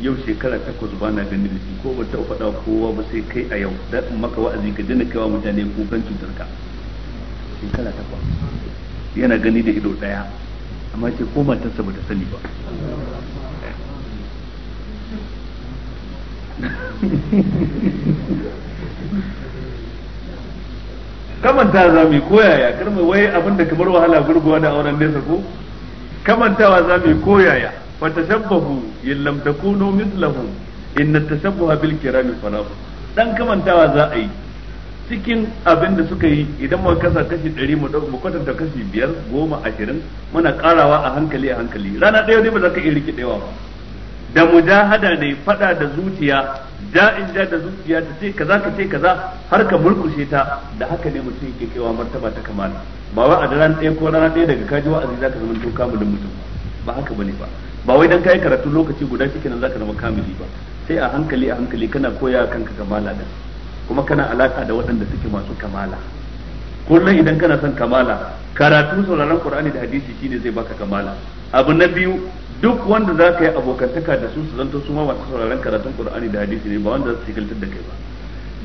yau shekara takwas ba na gani da shi ko ba taɓa faɗa kowa ba sai kai a yau da in maka wa'azi ka dina wa mutane kukan cutar ka shekara takwas yana gani da ido ɗaya amma ce ko ta ba ta sani ba kamantawa za mu yi koyaya kar wai abinda da kamar wahala gurguwa da auren nesa ko kamantawa za mu yi koyaya fa tashabbahu in lam takunu mithlahu in tashabbaha bil kirami falahu dan kamantawa za a yi cikin abin da suka yi idan mu kasa kashi 100 mu dauka mu kwatanta kashi 5 10 20 muna karawa a hankali a hankali rana daya dai ba za ka iya rike ɗewa ba da mujahada ne fada da zuciya ja'in ja da zuciya ta ce kaza ka ce kaza har ka murkushe ta da haka ne mutum yake kaiwa martaba ta kamala ba wai a daren ɗaya ko rana ɗaya daga kaji wa'azi zaka zama to kamulin mutum ba haka bane ba ba wai dan kai karatu lokaci guda kenan zaka zama kamili ba sai a hankali a hankali kana koya kanka kamala da kuma kana alaka da waɗanda suke masu kamala kullum idan kana son kamala karatu sauraron qur'ani da hadisi shine zai baka kamala abu na biyu duk wanda za ka yi abokantaka da su su zanto su ma masu sauraron karatun qur'ani da hadisi ne ba wanda za su shigaltar da kai ba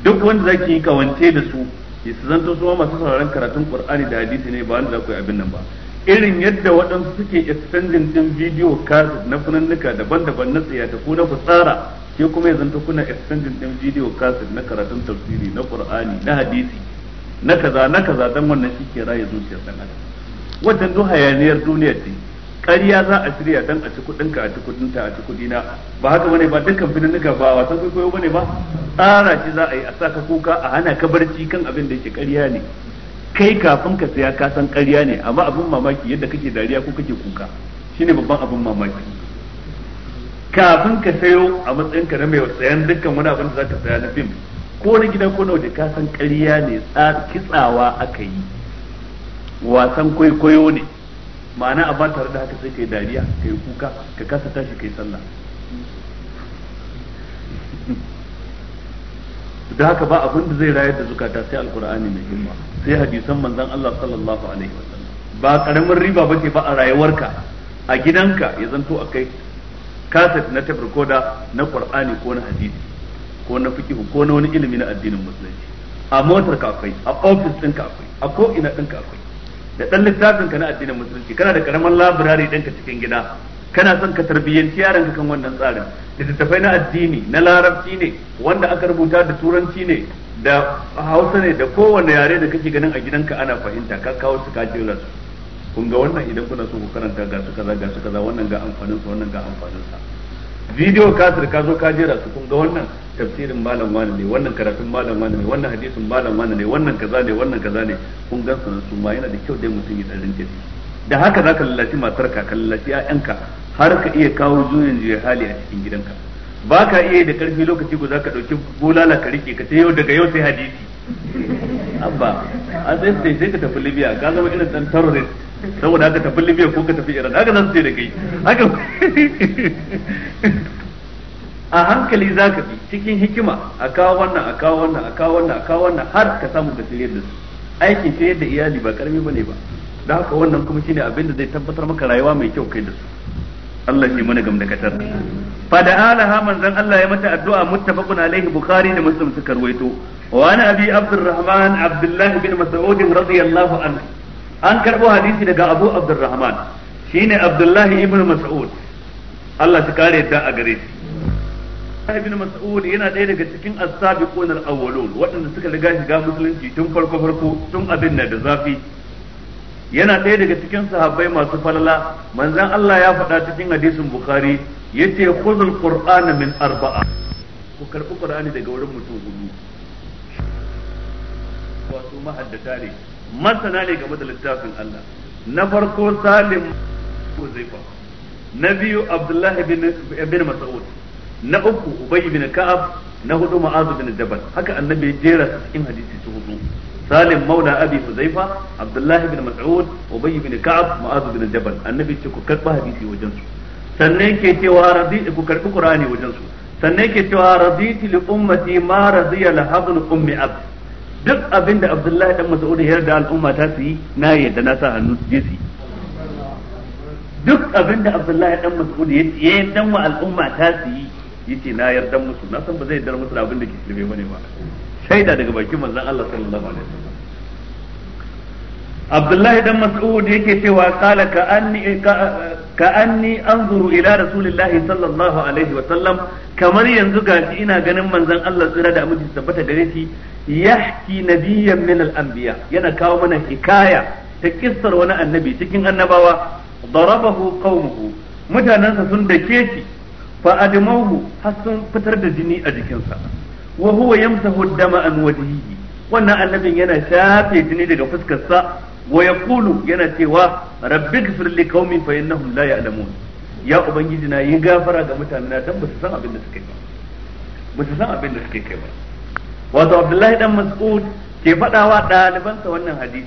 duk wanda za ki yi kawance da su su zanto su ma masu sauraron karatun qur'ani da hadisi ne ba wanda za ku yi abin nan ba irin yadda waɗansu suke exchanging din video card na funannuka daban-daban na tsiyata ko na tsara ke kuma ya zanto kuna exchanging din video card na karatun tafsiri na qur'ani na hadisi na kaza na kaza dan wannan shi ke raye zuciyar dan adam wannan duk hayaniyar duniya ce ƙarya za a shirya dan a ci kuɗinka a ci kuɗinta a ci kuɗina ba haka bane ba dukkan filinuka ba wasan kwaikwayo bane ba tsara shi za a yi a sa kuka a hana ka barci kan abin da yake ƙarya ne kai kafin ka saya ka san ƙarya ne amma abin mamaki yadda kake dariya ko kake kuka shine babban abin mamaki kafin ka sayo a matsayinka na mai sayan dukkan wani abin da za ka saya na fim ko na gida ko na waje ka san ƙarya ne kitsawa aka yi wasan kwaikwayo ne ma'ana a tare da haka sai kai dariya kai kuka ka kasa tashi kai sallah da haka ba abin da zai rayar da zukata sai alkur'ani mai himma sai hadisan manzon Allah sallallahu alaihi wasallam ba karamin riba bace ba a rayuwarka a gidanka ya zanto kai kaset na tabar koda na qur'ani ko na hadisi ko na fiqh ko na wani ilimi na addinin musulunci a motar ka akwai a office ɗinka akwai a ko ina ɗinka akwai da ɗan littafin ka na addinin musulunci kana da karaman labirari ɗinka cikin gida kana son ka tarbiyyanci yaran ka kan wannan tsarin littattafai na addini na larabci ne wanda aka rubuta da turanci ne da hausa ne da kowane yare da kake ganin a gidanka ana fahimta ka kawo su ka jera su kun ga wannan idan kuna so ku karanta ga su kaza ga su kaza wannan ga amfanin sa wannan ga amfanin sa bidiyo kasir ka zo ka jera su kun ga wannan tafsirin malam wani ne wannan karatun malam wani ne wannan hadisin malam wani ne wannan kaza ne wannan kaza ne kun ga su su ma yana da kyau dai mutum ya dan rinke da haka zaka lallaci matar ka lallaci ƴaƴanka har ka iya kawo juyin juya hali a cikin gidanka ba ka iya da karfi lokaci guda ka dauki bulala ka rike ka ce yau daga yau sai hadisi abba a sai sai ka tafi libya ka zama irin dan terrorist saboda haka tafi libya ko ka tafi iran haka za su ce da kai haka a hankali za ka bi cikin hikima a kawo wannan a kawo wannan a kawo wannan a kawo wannan har ka samu ka shirya da su aikin ce yadda iyali ba karami bane ba da haka wannan kuma shine abin da zai tabbatar maka rayuwa mai kyau kai da su Allah shi mana gam da katar fa da alaha manzon Allah ya mata addu'a muttafaqun alaihi bukhari da muslim suka ruwaito wa ana abi abdurrahman abdullah bin mas'ud radiyallahu anhu an karɓo hadisi daga Abu Abdurrahman shine Abdullahi ibn Mas'ud Allah ta kare ta a gare shi ibn Mas'ud yana ɗaya daga cikin as-sabiqun al-awwalun waɗanda suka riga shiga musulunci tun farko farko tun abin na da zafi yana ɗaya daga cikin sahabbai masu falala manzon Allah ya faɗa cikin hadisin Bukhari yace khudhul qur'ana min arba'a ku karɓi qur'ani daga wurin mutum hudu wasu mahaddata ne masana ne game da littafin Allah na farko Salim Huzaifa na biyu Abdullahi bin Mas'ud na uku Ubay bin Ka'ab na hudu Mu'adh bin Jabal haka annabi ya jera su cikin hadisi su hudu Salim Maula Abi Huzaifa Abdullahi bin Mas'ud Ubay bin Ka'ab Mu'adh bin Jabal annabi ce ku karba hadisi wajen su sannan ke cewa radi ku karbi Qur'ani wajen su sannan ke cewa raditi li ummati ma radiya lahadul ummi abd duk abin da Abdullahi dan Mas'ud ya yarda al'umma ta su yi na yarda na sa hannu su je su duk abin da Abdullahi dan Mas'ud ya yarda wa al'umma ta su yi yace na yarda musu na san ba zai yarda musu da abin da ke shirme bane ba shaida daga bakin manzon Allah sallallahu alaihi wasallam Abdullahi dan Mas'ud yake cewa qala ka anni ka'anni anzuru ila rasulillahi sallallahu alaihi wa sallam kamar yanzu gashi ina ganin manzon Allah tsira da aminci tabbata gare shi yahki nabiyyan min al-anbiya yana kawo mana hikaya ta kissar wani annabi cikin annabawa darabahu qaumuhu mutanansa sun dake shi fa admahu fitar da jini a jikinsa wa huwa yamsahu dama an wajhihi wannan annabin yana shafe jini daga fuskarsa wa yaqulu yana cewa rabbighfir li qaumi fa innahum la ya'lamun ya ubangiji na yi gafara ga mutane na dan ba su san abin da suke ba ba su san abin da suke kai ba wato abdullahi dan mas'ud ke faɗawa ɗalibansa wannan hadisi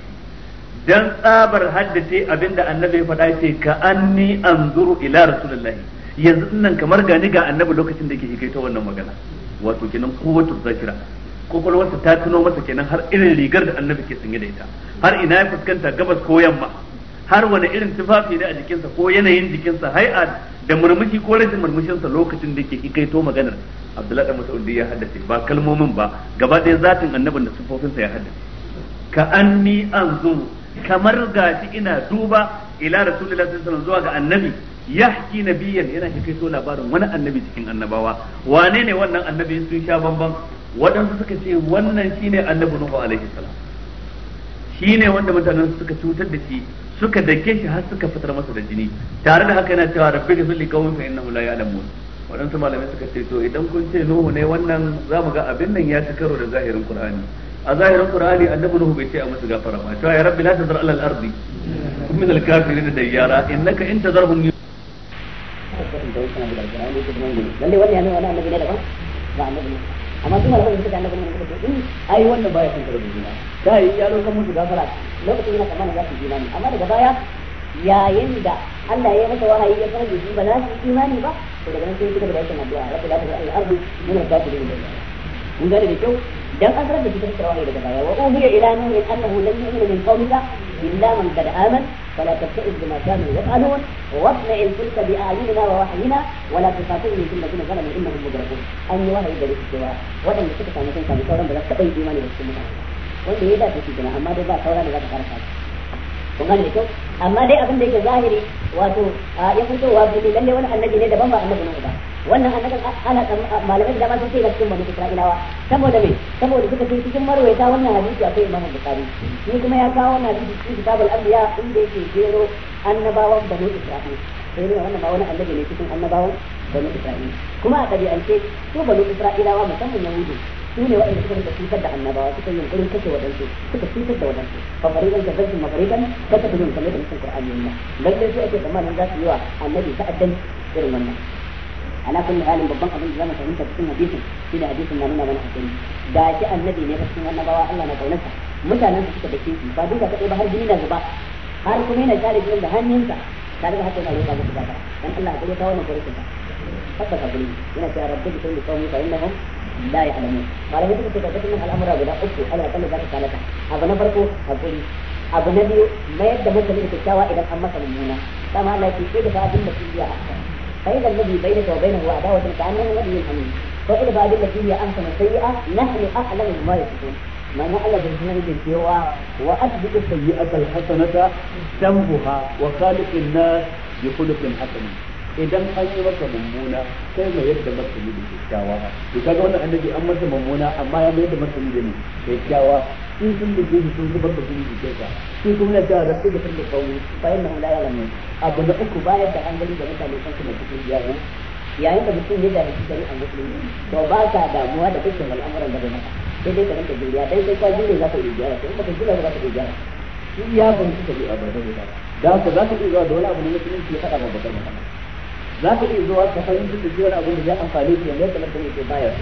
dan tsabar haddace abin da annabi ya faɗa ce ka anni anzuru ila rasulullahi yanzu nan kamar gani ga annabi lokacin da yake ta wannan magana wato kenan kowace zakira kokolwarsa ta tuno masa kenan har irin rigar da annabi ke sanye da ita har ina ya fuskanta gabas ko yamma har wani irin tufafi ne a jikinsa ko yanayin jikinsa hai'a da murmushi ko rashin murmushinsa lokacin da yake kaito maganar Abdullahi da Mas'ud ya haddace ba kalmomin ba gaba ɗaya zatin annabin da sifofinsa ya haddace ka anni anzu kamar gashi ina duba ila rasulullahi sallallahu alaihi wasallam zuwa ga annabi yahki nabiyan yana so labarin wani annabi cikin annabawa wane ne wannan annabi sun sha bamban waɗansu suka ce wannan shine annabi nuhu alaihi salam shine wanda mutanen suka cutar da shi suka dake shi har suka fitar masa da jini tare da haka yana cewa rabbi ghfir li qaumin fa innahum la ya'lamun waɗansu malamai suka ce to idan kun ce nuhu ne wannan za mu ga abin nan ya ci karo da zahirin qur'ani a zahirin qur'ani annabi nuhu bai ce a musu gafara ba cewa ya rabbi la tazar alal ardi min al kafirin da yara innaka in tazarhum sai suna da alƙur'ani ko kuma ne lalle wannan ya nuna annabi ne daban ba annabi ne amma su malaman da suka annabi ne suka ce in ai wannan baya son karbi ne da yi ya lokacin musu gafara lokacin yana kamar za su ne amma daga baya yayin da Allah ya masa wahayi ya fara jiki ba za su yi imani ba to daga nan sai suka da yakin addu'a rabbi la ta'ala al-ardu min al-kafirin kun gane da kyau dan an sanar da cikin sarawa daga baya wa uhiya ila nuhin annahu lam yu'minu min qawmika إلا من قد آمن فلا تبتئس بما كانوا يفعلون واطلع الفلك بأعيننا ووحينا ولا تخافوني في الذين ظلموا إنهم مجرمون أن الله يدري السواء وأن الفتك أن يكون كان يصورا بلغت أي إيمان يرسمنا وأن يدع تسيبنا أما دبا صورا لغت خارفات وقال لكم أما دي أبن ديك ظاهري واتو يقول لكم وابدني لن يولح النجي ندبا ما أمدنا وضعه wannan annabin ana malamai da dama sun ce cikin bani isra'ilawa saboda me saboda duka sai cikin marwaita wannan hadisi akwai imam bukhari ni kuma ya kawo wannan hadisi cikin kitabul anbiya inda yake gero annabawan bani isra'ila sai ne wannan ba wani annabi ne cikin annabawan bani isra'ila kuma a ɗabi'ance su bani isra'ilawa musamman yahudu su ne waɗanda suka rika cutar da annabawa suka yi yunkurin kashe waɗansu suka cutar da waɗansu fafarikan ka zarfin mafarikan ka tafi yin kamar da mutum ƙur'ani ne lalle su ake tsammanin za su yi wa annabi ta'addan irin wannan ala kulli halin babban abin da zamu fahimta cikin hadisin da hadisin na nuna mana hakuri da ki annabi ne cikin annabawa Allah na kaunarsa mutanen su suka dake shi ba duka kadai ba har jini na zuba har kuma yana kare jinin da hannunsa tare da haka yana roƙa musu gaba dan Allah ya kawo wannan gurin ka haka hakuri yana cewa rabbi bi kulli qawmi fa innahum la ya'lamun mutum ka ce cikin al'amura guda uku ala kalli zaka kalata abu na farko hakuri abu na biyu mayar da mutane da kyakkyawa idan an masa mummuna dama Allah ya ce da abin da su yi a فإذا الذي بينك وبينه عداوة كأنه ولي حميم فإذا بعد الذي هي أحسن سيئة نحن أعلم بما يكون ما نعلم بسنة سوى وأثبت السيئة الحسنة ذنبها وخالق الناس بخلق حسن idan an yi masa mummuna sai mai yadda martani da kyakkyawa to kaga wannan annabi an masa mummuna amma ya mai yadda da kyakkyawa sun zulluge shi sun zubar da gudu jikin sa sai kuma na cewa rasu da suke kawo bayan nan la yalamu abu na uku bayan da an gani da mutane sun kuma cikin yaro yayin da mutum ya jahilci shari'a a to ba ka damuwa da dukkan al'amuran da bai sai dai ta rinka juriya dai sai ka jure za ka yi gyara sai baka jure za ka yi gyara shi ya fahimci shari'a ba da ba da haka za ka iya zuwa da wani abu na musulunci ya faɗa ba bakar za ka iya zuwa ka fahimci da shi abu da ya amfani shi yadda ya kamata ya bayar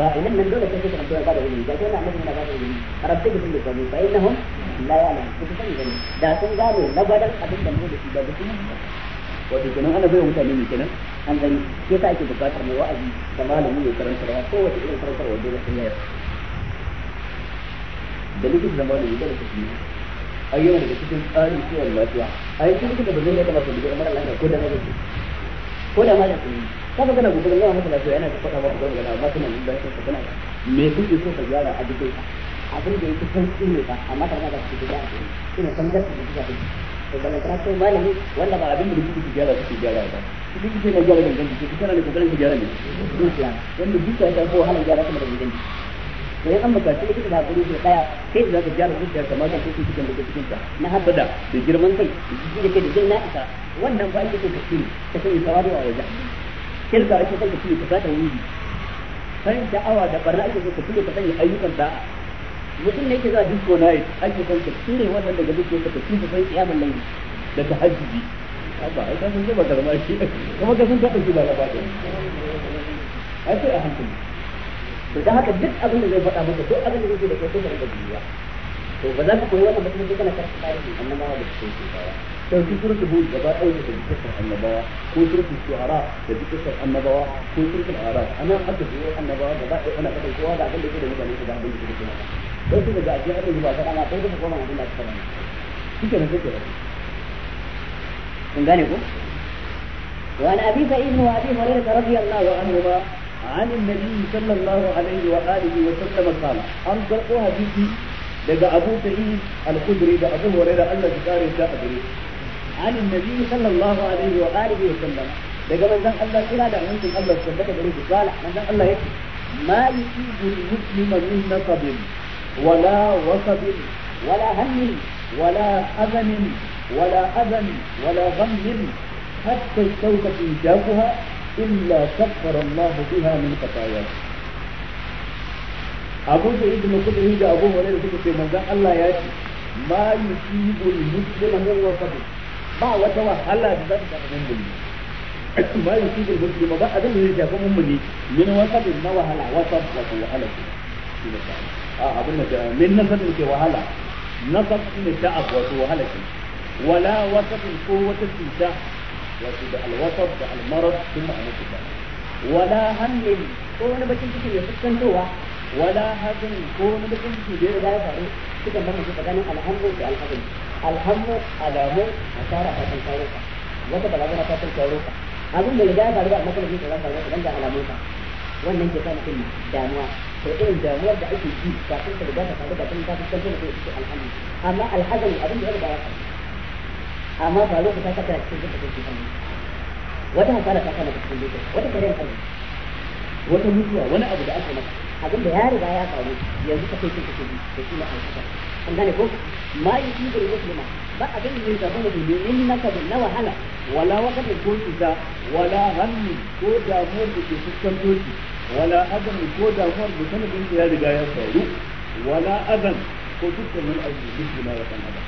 فإن من دون كيف أن تكون بعد علمي لكن a من بعد علمي ربك بكل قومي فإنهم لا يعلمون كيف تسمي da sun gane na gadan abin da a da shi da su wato kenan ana bai mutane ne kenan an gani ke sa ake bukatar mai wa'azi da malami mai karantarwa ko wace irin karantarwa dole sun yaya da likita da malami dole su yi ayyana daga cikin tsarin kiwon lafiya a yankin da ba zai ya a da ga mara lafiya ko da ko da ma da kuma ka ga kana gudunar yawa masa lafiya yana da faɗa ba ku ga ba kuma da shi ka kana me kuke so ka gyara a duk abin da yake san shi ne ba amma kana da shi da shi ne san da shi da shi to ba ka so malami wanda ba abin da kuke gyara kuke gyara ba kuke kuke na gyara da kuke kana da kokarin gyara ne wanda duka ta ko halin gyara kuma da gidanki sai an bukaci likita da hakuri shi daya sai da zaka gyara da kamar da shi cikin da cikin ta na habbada da girman kai da jiki da jinna da wannan ba yake so ka ka sani tawadu a wajen kirka ake son ka shiri ka ta wuri sai da awa da barna ake so ka shiri ka sani ayyukan da'a mutum ne yake za disco night ake son ka shiri wannan daga duk ka ka shiri sai kiyamar nan da ta hajji ba ai ka san ba karma shi kuma ka san ka dauki da labarin ai sai a hankali to dan haka duk abin da zai faɗa maka duk abin da zai da kai sai ka biya to ba za ka koyi wannan mutum sai kana karanta tarihin annabawa da cikin shi ba ɗauki surutu hud gaba ɗaya da dukkan annabawa ko surutu shuhara da dukkan annabawa ko surutu arab ana aka biyo annabawa gaba ɗaya ana kaɗai kowa da abin da a da mutane da abin da yake da kuma don su daga ajiyar da ba ta ɗana ɗaya da kuma abin da aka ɗana shi ke nan da kun gane ko وعن ابي سعيد وابي هريره رضي الله عنهما عن النبي صلى الله عليه وآله وسلم قال أن ترقوا حديثي لدى أبو سعيد الخدري دا أبو هريرة الله تكاري دا أدري عن النبي صلى الله عليه وآله وسلم لدى من ذن الله إلا دا أنت الله سبحانه وتعالى قال من ذن الله يكي ما يصيب المسلم من نصب ولا وصب ولا هم ولا أذن ولا أذن ولا غم حتى الشوكة يجابها إلا كفر الله بها من خطاياه أبو سعيد المسلم هي أبو هريرة في من قال الله يا ما يصيب المسلم من وصفه ما وتوى حلا بذلك من ما يصيب المسلم ما أدل هي جاكم أمني من وصفه ما وحلا وصف وصف وحلا آه، أبو نجا من نصف في وحلا نصف من تأف وصف وحلا ولا وصف قوة في تأف wato da alwasaf da almarad sun ma'anar su wala hamlin ko wani bakin ciki ya fuskantowa wala hazin ko wani bakin ciki da ya riga ya faru suka bambanta tsakanin alhamdu da alhazin alhamdu alamu asara a kan kawo wata balagana ta kan kawo ka abin da ya ya faru ba a makamakin da za ka faru da alamun ka wannan ke sa mutum damuwa to irin damuwar da ake ji kafin ka riga ta faru ba kuma ta da alhamdu amma alhazin abin da ya riga faru amma ba lokaci ta kasa cikin duka take kan wata hasara ta kama cikin duka wata kariyar kan wata mutuwa wani abu da aka maka abin da ya riga ya faru yanzu ka kai kake bi da kila an kasa an gane ko ma yi shi da muslima ba abin da zai zama da domin na kaza na wahala wala da ko cuta wala hannu ko damuwar da ke doki wala adam ko damuwar da sanadin ya riga ya faru wala adam ko dukkan wani abu da muslima ya san adam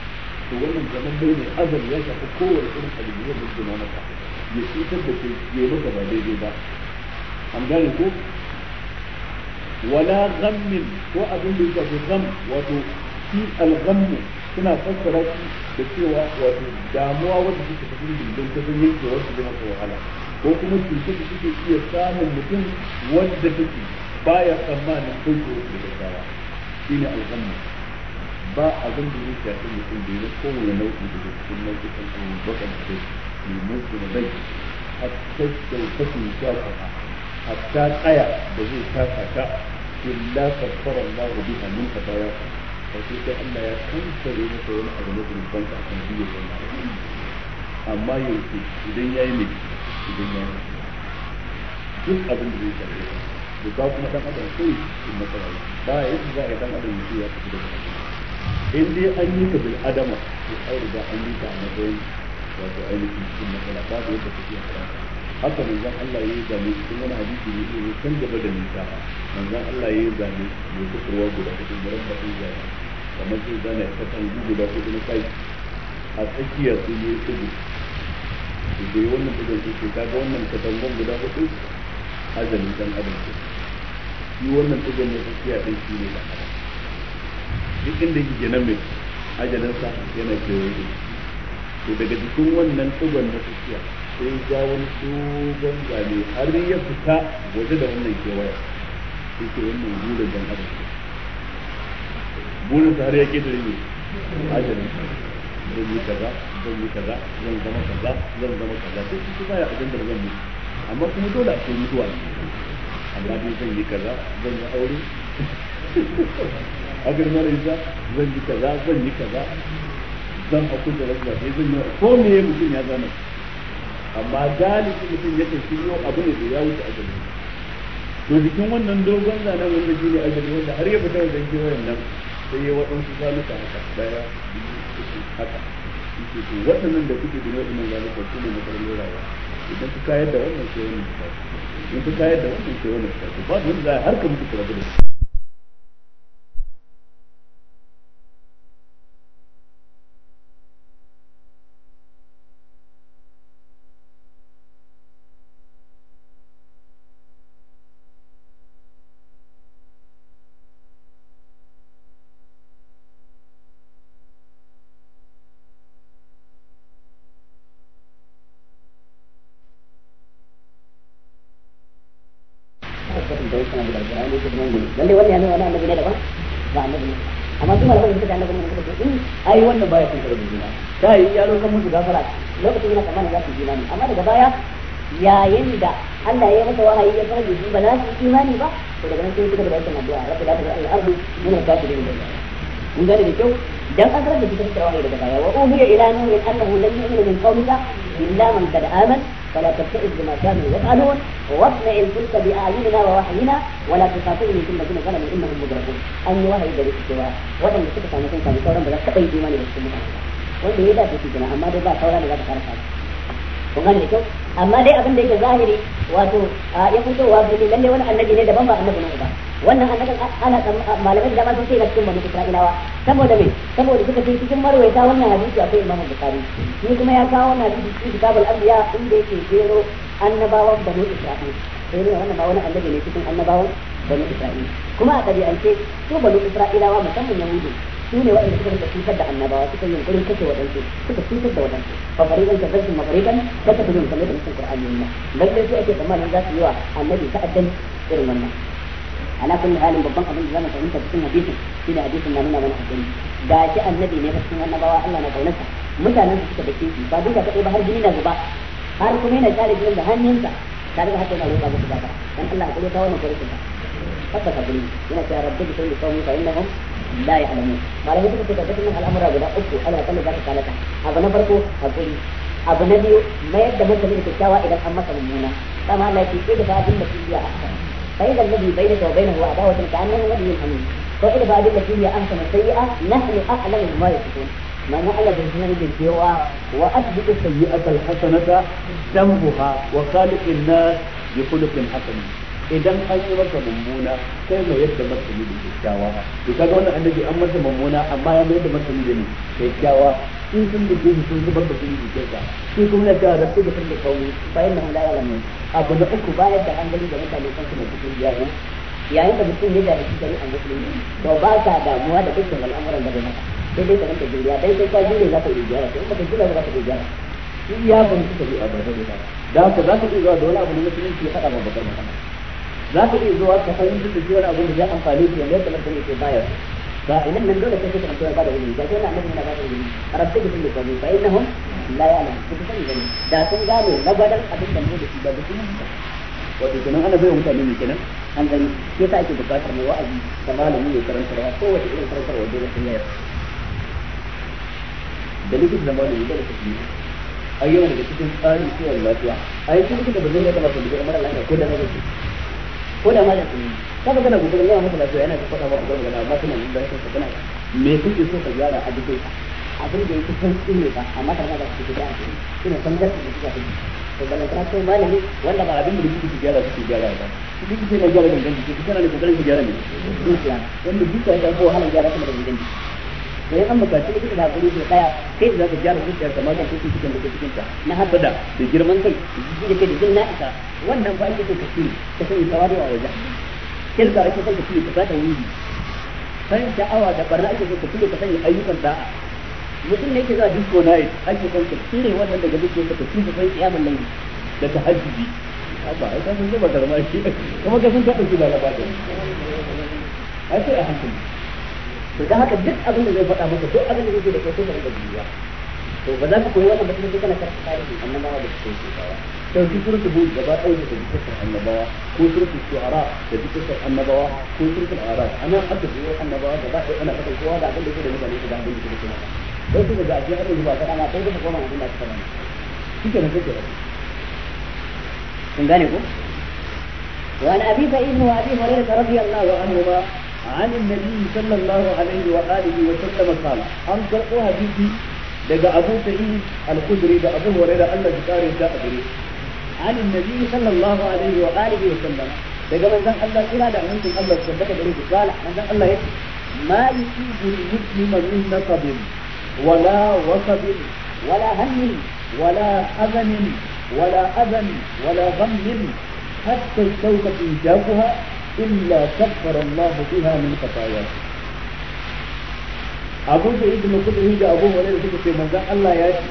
to wannan zaman bai ne azal ya shafi kowane irin alimiyar da ke maka ya cutar da kai ya maka ba daidai ba an gane ko wala ghammin ko abin da ya shafi wato shi al-ghammu suna fassara shi da cewa wato damuwa wanda take tafi dindin ta san yake wasu da masa wahala ko kuma cutar da take iya samun mutum wanda take baya tsammanin kai ko da gaggawa shine al-ghammu ba abin da zai shafi mutum da ya kowa ya nau'i da cikin nau'ikan abubakar da ke mutu da bai hatta kyautatun shafa'a hatta tsaya da zai taka ta illa kafara Allah biha min kafaya wato sai Allah ya kankare masa wani abu na zunuban ta akan biyu wannan amma yanzu idan ya yi mai idan ya yi duk abin da zai shafi da ba kuma dan adam sai cikin matsala ba ya yi za a yi dan adam ya ya tafi da in dai an yi ka bil adama to ai riga an yi ka a matsayin wato ainihin cikin matsala babu yadda kake fara haka manzon Allah ya yi zane cikin wani hadisi ne ne can gaba da nisa manzon Allah ya yi zane mai kusurwa guda cikin garin batun zane kamar sai zane a kasan guda ko kuma kai a tsakiya sun yi kudu to dai wannan bugun su ce kaga wannan katangon guda hudu azalin dan adam shi wannan bugun ne tsakiya din shi ne da adam duk inda yake nan mai ajalinsa yana kewaye to daga jikin wannan tsugon na tafiya sai ya wani tsugon gane har ya fita waje da wannan kewaya sai ke wannan burin dan adam burin har ya ketare ne ajalin zan yi kaza zan yi kaza zan zama kaza zan zama kaza sai shi baya ya ajandar zan yi amma kuma dole a ce mutuwa amma dai zan yi kaza zan yi aure a girmar isa zan yi kaza zan yi kaza zan haku da rasuwa sai zan yi ko me mutum ya zana amma galibi mutum ya tafi yau abu ne da ya wuce ajali to jikin wannan dogon zanen wanda shi ne ajali wanda har ya fita wajen kewayen nan sai ya waɗansu zanuka haka daya haka waɗannan da kuke gina waɗannan zaluka su ne makarar rayuwa idan ka kayar da wannan sai wannan ka kayar da wannan sai wannan ba da za a harka mutu kurabu da shi nan guda biyar wani yusuf nan guda lalle wannan ya nuna wani annabi ne daban ba annabi ne amma su malaman suka annabi ne suka in ai wannan baya son karbi juna ta ya roƙa musu gafara lokacin yana kamar za su juna ne amma daga baya yayin da Allah ya masa wahayi ya fara jiki ba za su imani ba to daga nan sai suka da aikin addu'a rabbi la tazal al-ardu min al da mun gane da kyau dan an karanta cikin tawahi daga baya wa uhiya ila nuhin annahu lam yu'min min qawmika illa man qad amana فلا تبتئس بما كانوا يفعلون واصنع الفلك باعيننا ووحينا ولا تخاطبني في الذين ظلموا انهم مدركون ان وهي دليل سوى وان suka samu kanka da sauran ba za ka taɓa yi imani da cikin mutane wanda ya dace shi kenan amma dai ba sauran da za fara kun gane da kyau amma dai abin da yake zahiri wato ya fitowa fili lalle wani annabi ne daban ba annabi na uba wannan annabin ana ah, malamai da dama sun ce ga cikin banu Isra'ilawa saboda me saboda suka ce cikin marwayata wannan hadisi akwai Imam Bukhari ni kuma ya kawo wannan hadisi cikin kitabul anbiya inda yake jero annabawan bani Isra'il sai ne wannan ba wani annabi ne cikin annabawan bani Isra'il kuma a ɗabi'ance su bani Isra'ilawa musamman Yahudu su ne waɗanda suka rinka cutar da annabawa suka yi yunkurin kashe waɗansu suka cutar da waɗansu fa fariqan kazzabu ma fariqan kasa bilun kamar da cikin Qur'ani ne lalle su ake tsammanin za su yi wa annabi ta'addan irin wannan ala kulli halin babban abin da zamu fahimta cikin hadisin shine hadisin na nuna mana hakuri da shi annabi ne cikin annabawa Allah na kaunarsa mutanen su suka dake shi ba duka kadai ba har jini na zuba har kuma yana kare jinin da hannunsa tare da haka yana roƙa musu ba dan Allah hakuri ta wannan gurin ka tabbata gurin yana cewa rabbi da sayyi qawmi fa innahum la ya'lamun malamai suka ce tabbatin al'amura guda uku ala kulli zaka kalata abu na farko hakuri abu na biyu mayar da mutane da kyakkyawa idan an masa mummuna dama Allah ya ce da abin da kiyaye a فإذا الذي بينك وبينه عداوة كأنه ولي حميم فإذا بعد التي هي أحسن السيئة نحن أعلم بما يصفون ما نعلم بالسنة بالسيوة وأسبق السيئة الحسنة ذنبها وخالق الناس بخلق حسن idan an yi masa mummuna sai mai yadda martani da kyakkyawa to kaga wannan annabi an masa mummuna amma ya mai yadda martani da kyakkyawa in sun da gudu sun zubar da gudu ke sa shi kuma na cewa rabbi da sanda da bayan nan la yalamu abu na uku bayan da an gani da mutane kan su da cikin jahu yayin da mutum ya da shi gari a musulmi to ba sa damuwa da dukkan al'amuran da bai maka sai dai ka ranta juriya dai sai ka jure za ka yi jiyara sai ka jure za ka yi jiyara shi ya bunci ka abu a ba da ka za ka iya zuwa da wani abu na mutum ya faɗa ba ba za ka iya zuwa ka fahimci da shi wani abu da ya amfani da ne kamar sai ke bayar ba idan nan dole sai ka tsaya ba da ilimi ba sai na annabi na ba da ilimi arabta da sun da ba fa hon la ya la ku san gani da sun gane gadan abin da mu da shi da shi wato kenan ana bayan mutane ne kenan an gani sai ta ake bukatar mai wa'azi da malami ne karanta da wace irin karanta karantarwa dole sun yayar da likita da malami dole su yi ayyana daga cikin tsarin kiwon lafiya a da ba zai ya kamata da mara lafiya ko da na zai ko da ma ya kuma kaga kana gudunar yana masa lafiya yana da faɗa ba ku gaba amma kana da shi kana me kake so ka gyara a duk abin da yake san shi ne ba amma kana da shi da shi ina san da shi da shi to da kana so malami wanda ba abin da yake gyara shi gyara ba duk sai na gyara da shi kana da kokarin gyara ne duk ya wanda duk ya ko halin gyara kuma da gidan da ya an bukaci likita da hakuri sau daya kai da za ka gyara zuciyar kamar da kuke cikin da cikin ta na habbada da girman kai da jiki kai da jin na'isa wannan ba ake son ka shiri ka sani tawadu a wajen kirka ake son ka shiri ka bata wuri san sha'awa da barna ake son ka shiri ka sani ayyukan da'a mutum ne yake zuwa disco night ake son ka shiri wannan daga zuciyar ka ka shiri ka sani kiyamun laifi da tahajjudi haba ai kan sun zama karma shi kuma ka sun ka dauki da gaba ai sai a hankali to dan haka duk abin da zai faɗa maka duk abin da zai da kai sai ka rubuta to ba za ka koyi wannan ba sai kana karanta tarihin annabawa da suke shekara sai duk surutu bu gaba ɗaya da dukkan annabawa ko surutu shu'ara da dukkan annabawa ko surutu al'ara ana aka biyo annabawa gaba ɗaya ana faɗin kowa da abin da ke da mutane da abin da ke da kuma sai suka ga ajiyar da ba ta dama sai suka koma abin da suka dama shi ke nan suke kun gane ko وعن ابي سعيد وابي هريره رضي الله عنهما عن النبي صلى الله عليه وآله وسلم قال عن قرأ حديثي لدى أبو سعيد الخدري دا أبو هريرة ألا جكاري دا أبري عن النبي صلى الله عليه وآله وسلم لدى من ذن الله إلا دا أنتم الله صدق بريد قال من ذن الله ما يصيب المسلم من نصب ولا وصب ولا هم ولا أذن ولا أذن ولا غم حتى الشوكة يجابها إلا كفر الله بها من خطاياكم أبو سعيد بن كل أبو هريرة كتب في منزل الله ياتي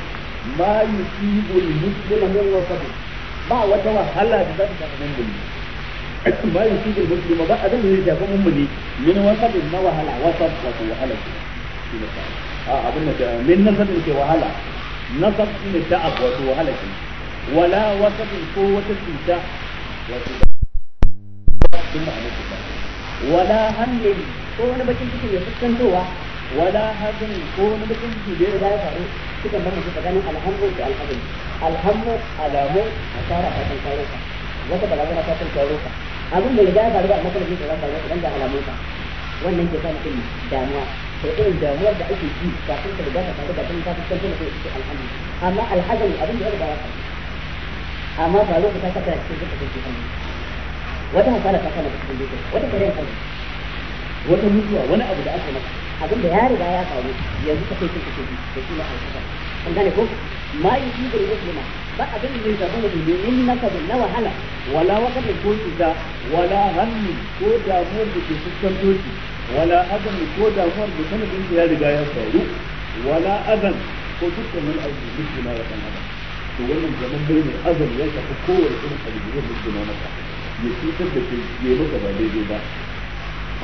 ما يصيب المسلم من وصفه ba wata wahala da za ta samu mummuni ma yusi bil muslima ba abin da zai shafi mummuni min wasabin na wahala wasab wato wahala ce a abin da min nasabin ke wahala nasab ne ta abu wahala wala ko wata cikin ma'anar cuta wala hamlin ko wani bakin ciki mai fuskantowa wala hazin ko wani bakin ciki da ya riga faru suka bambanta tsakanin alhamdu da alhazin alhamdu alamu asara a kan kawo ka wata balagana ta kan kawo ka abin da faru a matsalar da faru da alamun ka wannan ke sa mutum damuwa irin damuwar da ake ji kafin ka riga ka faru ta fuskanto alhamdu amma abin da ya riga faru amma faru ka ta kasa cikin wata hasara ta kama cikin dukkan wata kariyar kan wata mutuwa wani abu da aka maka abin da ya riga ya faru yanzu ka kai kake ji da shi na alƙasa kan gane ko ma yi shi da muslima ba abin da zai zama musulmi min nakabi na na wahala wala wakatin ko cuta wala hannu ko damuwar da ke fuskan doki wala azan ko damuwar da sanadin da ya riga ya faru wala azan ko dukkan aiki abu da muslima ya san haka to wannan zaman bai ne azan ya shafi kowace irin abu da na maka ya cutar da kai ya maka ba daidai ba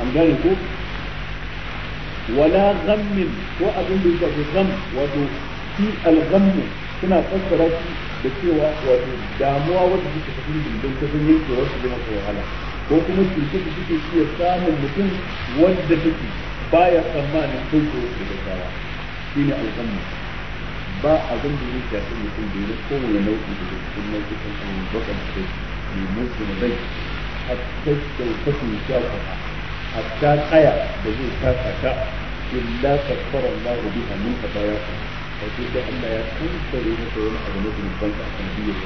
an gane ko wala ghammin ko abin da yake gham wato fi al-ghamm suna fassara shi da cewa wato damuwa wanda take cikin dindin ta sun yake wasu da masa wahala ko kuma cutar da take iya samun mutum wanda take baya tsammanin kai ko da gaskiya shine al-ghamm ba abin da yake cikin mutum da yake kowane nau'i da cikin nau'ikan abubuwan da في مثل البيت حتى تستوفي شاكها حتى قيا بزي شاكك إلا كفر الله بها من خطاياكم فكيف أن لا يكون سرير سرير أغنوك من بنك أحمدية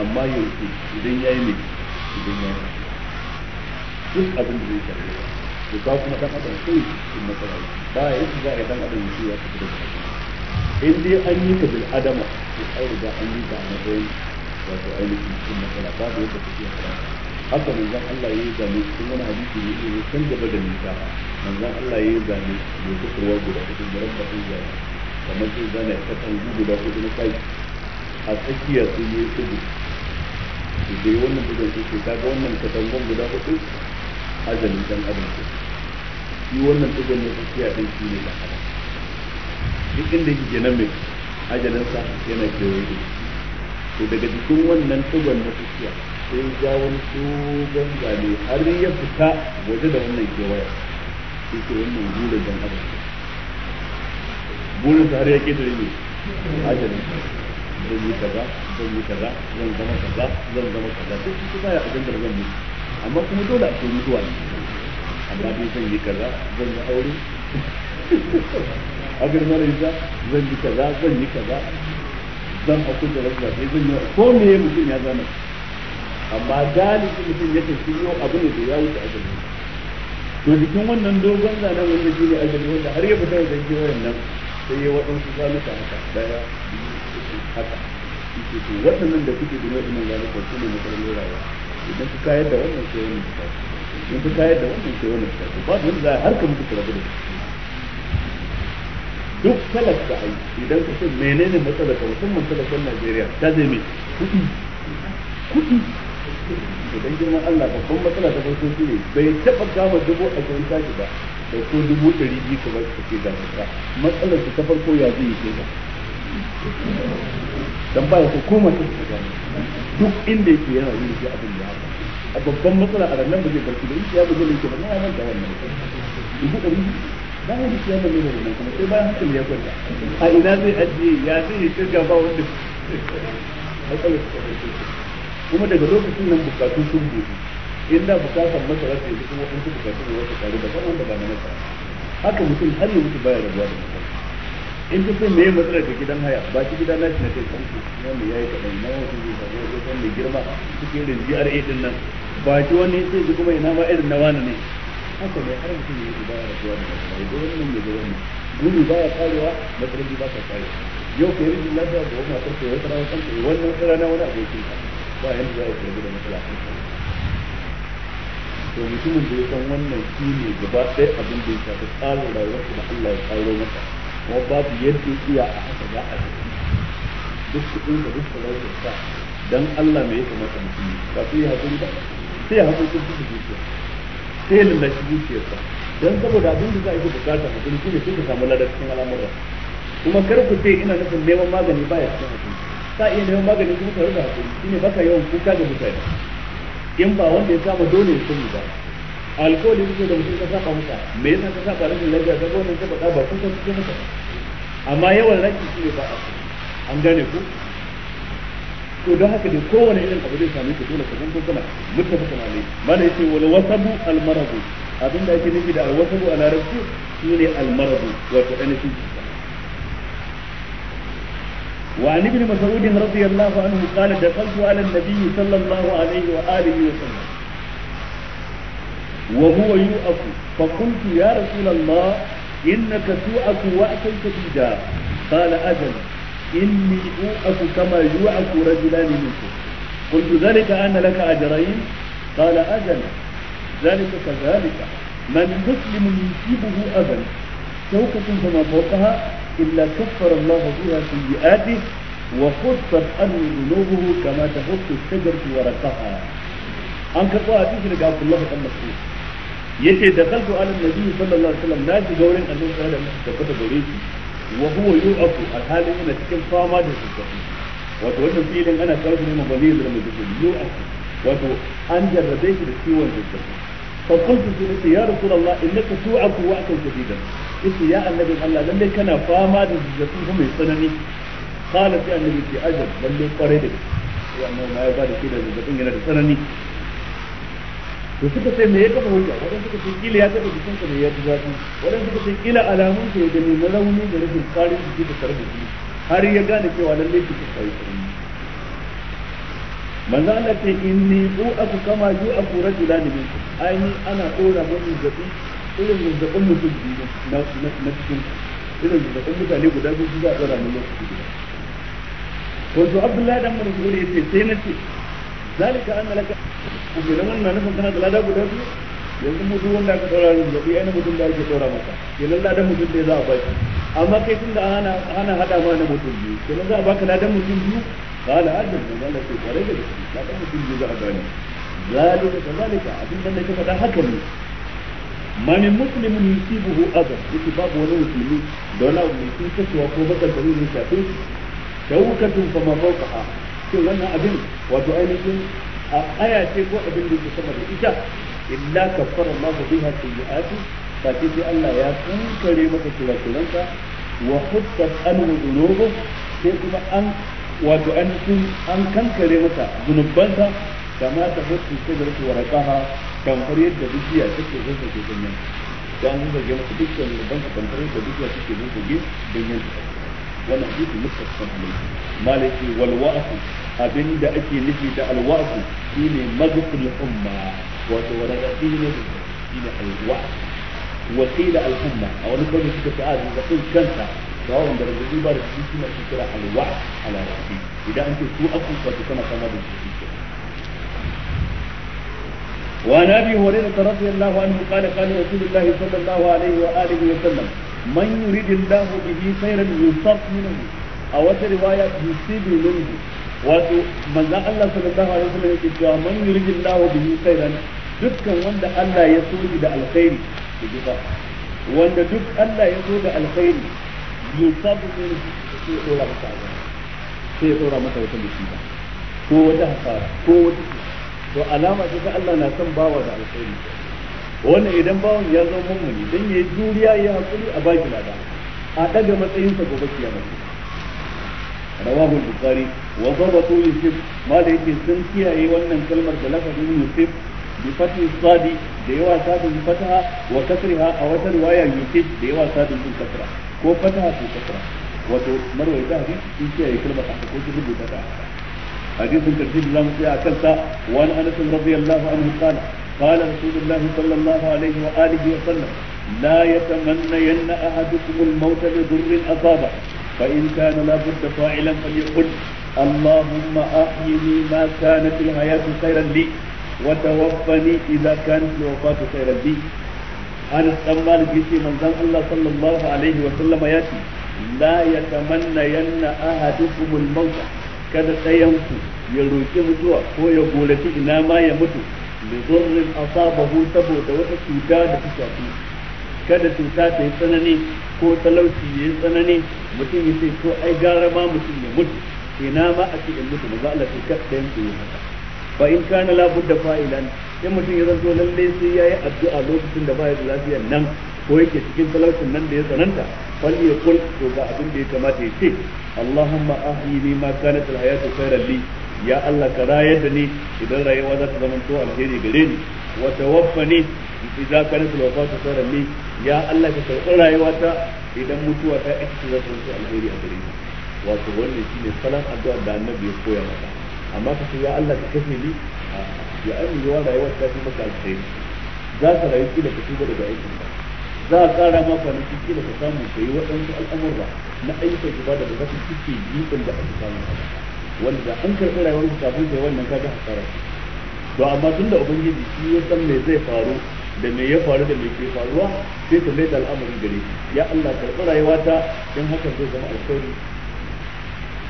أما يوتي إذن يأمي إذن يأمي duk abin da zai karbi to ka kuma dan adam sai cikin matsala ba ya yi za a dan adam ya ya fita da in dai an yi ka bil adama to ai da an yi ka a matsayin wato ainihin cikin matsala babu yadda take yin fara haka manzon Allah yayi da ne cikin wani hadisi ne yake kan gaba da nisa manzon Allah yayi da ne ne kusurwa guda cikin garin da kun zai kamar sai zane ta kan guda kudu na sai a tsakiya su yi kudu da wannan gudu su ta ga wannan katangon guda kudu ajalin dan adam shi wannan tugan ne tsakiya din shi ne da haka duk inda yake nan mai ajalinsa yana kewaye da shi to daga cikin wannan tubar na tsakiya sai ja wani tsogon zane har ya fita waje da wannan kewaya sai ke wannan burin dan adam burin sa har ya ke ketare ne ajali zan yi kaza zan yi kaza zan zama kaza zan zama kaza sai su kuma ya ajandar zan yi amma kuma dole a ce mutuwa ne amma dai zan yi kaza zan yi aure a girma da zan yi kaza zan yi kaza zan da kujerar zaɓe zan yi ko me mutum ya zama amma galibi mutum ya tafi yau abu ne da ya wuce azumi to jikin wannan dogon zanen wanda shi ne azumi wanda har ya fita da kewayen nan sai ya waɗansu zanuka haka daya haka waɗannan da kuke gina ɗinan zanuka su ne matsalolin rayuwa idan ka kayar da wannan sai wani fita in ka kayar da wannan sai wani fita ba da wanda za a harkar mutu rabu da shi duk talar da ai idan ka ce menene matsalar ka musamman talakon Najeriya ta zai mai kuɗi kuɗi idan girman Allah babban matsala ta farko shi ne bai taɓa gama dubu a gurin tashi ba da ko dubu ɗari biyu kamar ka ce da ka matsalar ta farko ya zai yi ba dan ba ya ko mace ta gani duk inda yake yana yin shi abin da haka a babban matsala a ranar ba zai barci da ya ba ne yi ba na yaran da wannan dubu ɗari biyu bayan da ya balle da wannan kuma sai bayan hakan ya kwanta a ina zai ajiye ya zai shirga ba wanda kuma daga lokacin nan bukatun sun buɗe inda bukatan masara ce yanzu kuma sun bukatun ne wasu karu da da ba na masara haka mutum har ya mutu baya rabuwa da masara in ta sai meye matsalar da gidan haya ba ki gida nashi na kai kanku wanda ya yi kaɗan na wasu zai samu wasu mai girma cikin rinji a din nan ba ki wani sai kuma ina ma irin na wani ne haka ne har mutum ya ibada da zuwa da masu da wani nan da wani gumi ba ya karewa matsaloli ba ta kare yau ka yi rijin lafiya da wani matar kai wata rana kan kai wannan wata rana wani abokin ka ba yanda za a yi da matsala kan kai to mutumin da ya san wannan shi ne gaba ɗaya abin da ya shafi tsarin rayuwarsa da Allah ya tsaro masa kuma babu yadda iya a haka za a tafi duk kuɗin da duk da talautar sa dan Allah mai yake masa mutum ba sai ya haƙuri ba sai ya haƙuri duk da zuciya sai lallashi zuciyarsa dan saboda abin da za a yi bukata mutum shi ne suka ka samu ladar cikin al'amuran kuma kar ku ce ina nufin neman magani baya cikin hakuri sa iya neman magani kuma tare da hakuri ne baka yawan kuka da mutane in ba wanda ya samu dole ya sani ba alkoli kuke da mutum ka saba masa me yasa ka saba rashin lafiya ka ga wannan ka ba kun cikin haka amma yawan shi ne ba a an gane ku to haka dai kowane irin abu zai same ka dole ka zanto kana muttafaqun alai mana yace wal wasabu al abin da ake nufi da al wasabu a larabci shine al marad wato ainihin cuta وعن ابن مسعود رضي الله عنه قال دخلت على النبي صلى الله عليه وآله وسلم وهو يؤف فقلت يا رسول الله إنك تؤف وأتيت بدا قال أجل إني أوقف كما يوحك رجلان منكم قلت ذلك أن لك أجرين قال أجل ذلك كذلك من مسلم يصيبه أبا شوكة فما فوقها إلا كفر الله بها سيئاته وخصت أن ذنوبه كما تخص الشجرة ورقها أنك قاعدين لك عبد الله بن مسعود يتي دخلت على النبي صلى الله عليه وسلم ناجي قولين أنه قال أنه تقدر wa huwa yu'afu a halin yana cikin fama da zazzabi wato wannan filin ana karfi ne mabani da mai zazzabi yu'afu wato an jarrabe shi da ciwon zazzabi fa kuntu sai nace ya rasulullah innaka tu'afu wa akan shadidan yace ya annabi Allah lalle kana fama da zazzabi kuma mai tsanani qala sai annabi ce ajab lalle kware da wannan ma ya ba da shi da zazzabin yana da tsanani to suka sai me ya kafa hujja wadan suka ce kila ya kafa jikin sa ne ya ji zafi wadan suka ce kila alamun sa ya gani na rauni da rashin karin jiki da tare da shi har ya gane cewa lalle ki kuka yi kuma manzo Allah ce inni aku kama yu'aku rajulan minkum ai ni ana dora mun zabi irin zazzabin mutum biyu na na na cikin irin zazzabin mutane guda biyu su za a dora mun lokaci guda to Abdullahi dan Mas'ud yace sai na ce zalika anna laka idan wannan nufin kana da lada guda biyu yanzu duk wanda aka dora rin zabi ai mutum da ake dora maka kenan ladan mutum da za a baki amma kai tun da ana ana hada ma na mutum biyu kenan za a baka ladan mutum biyu qala adam da Allah ke tare da shi ladan mutum biyu za a gane zalika kazalika abin da nake faɗa haka ne ma min muslimin yusibuhu adam yake babu wani musulmi da wani abu mai sun ko bakar da zai shafe shawukatun fa ma fawqaha shin wannan abin wato ainihin a aya ce ko abin da yake sama da ita illa kaffara Allahu biha sayyi'ati fa ce sai Allah ya kankare maka kurakuranka wa hubbat anhu dhunubu sai kuma an wato ainihin an kankare maka zunubanka kama ta hubbi sajaratu wa raqaha kamar yadda bishiya take zanta ke ganyen dan zuba ga mutu dukkan zunubanka kamar yadda bishiya take zanta ke ganyen wannan hadisi mutsaffan alaihi malaki wal wa'fu abinda ake nufi da al wa'fu shine mazqul umma wato radadi ne shine al wa'fu wa al umma a wani kawai suka ce da zazzabin kanta sawon da radadi ba da shi suna kira al wa'fu ala rabbi idan an ce su aku wato kana kama da shi وعن ابي هريره رضي الله عنه قال قال رسول الله صلى الله عليه واله وسلم من يريد الله به خيرا يصف منه a wata riwaya yusibu minhu wato manzon Allah sallallahu alaihi wasallam yake cewa man yuridillahu bihi khairan dukkan wanda Allah ya so shi da alkhairi yake ba wanda duk Allah ya so da alkhairi yusabu minhu ko ya dora masa sai ya dora masa wata musiba ko wata hasara ko wata to alama ce ta Allah na son bawa da alkhairi wannan idan bawan ya zo mummuni dan yayi duriya ya hakuri a baki lada a daga matsayinsa gobe kiyama rawahu al-bukhari wa dabatu yusuf ma da yake sun kiyaye wannan kalmar da lafazin yusuf bi fathi sadi da yawa sadin fataha wa kasriha a wata riwaya da yawa sadin din ko fataha ko kasra wato marwayi sun kiyaye a ko sun ta حديث كثير لا مطيع كلتا وعن انس رضي الله عنه قال قال رسول الله صلى الله عليه واله وسلم لا يتمنين احدكم الموت لضر اصابه فإن كان لابد فاعلا فليقل اللهم أحيني ما كانت الحياة خيرا لي وتوفني إذا كانت الوفاة خيرا لي أنس بن مالك يتي من ذن الله صلى الله عليه وسلم يأتي لا يتمنين أحدكم الموت kada ɗayanku ya roƙi mutuwa ko ya gorafi ina ma ya mutu da zurrin asabahu saboda wata cuta da ta shafi kada cuta ta yi tsanani ko talauci ya yi tsanani mutum ya ce ko ai gara ma mutum ya mutu ina ma a ce in mutu maza Allah ta kada yanzu ya haka ba in kana la budda fa'ilan sai mutum ya zanto lalle sai ya yi addu'a lokacin da baya da lafiyar nan ko yake cikin talaucin nan da ya tsananta fal ya kul to ga abin da ya kamata ya ce Allahumma ahyini ma kanat alhayatu khairan li ya Allah ka rayar da ni idan rayuwa za ta zama to alheri gare ni wa tawaffani idza kanat al-wafatu khairan li ya Allah ka karɓi rayuwata idan mutuwa ta ita ce za ta mutu alheri a gare ni wato wannan shine salan addu'a da annabi ya koya maka amma ka ce ya Allah ka kashe ni ya amin yawa rayuwar ta fi maka alheri za ka rayu kila ka tuba daga aikin ka za a ƙara ma kwanaki kila ka samu ka yi waɗansu al'amurra na ayyukan ibada da za ka cike giɓin da aka samu a wanda da an karɓi rayuwar ka kafin kai wannan ka ga hasara to amma tun da ubangiji shi ya san me zai faru da me ya faru da me ke faruwa sai ta mai da al'amari gare shi ya Allah karɓi rayuwata don hakan zai zama alkhairi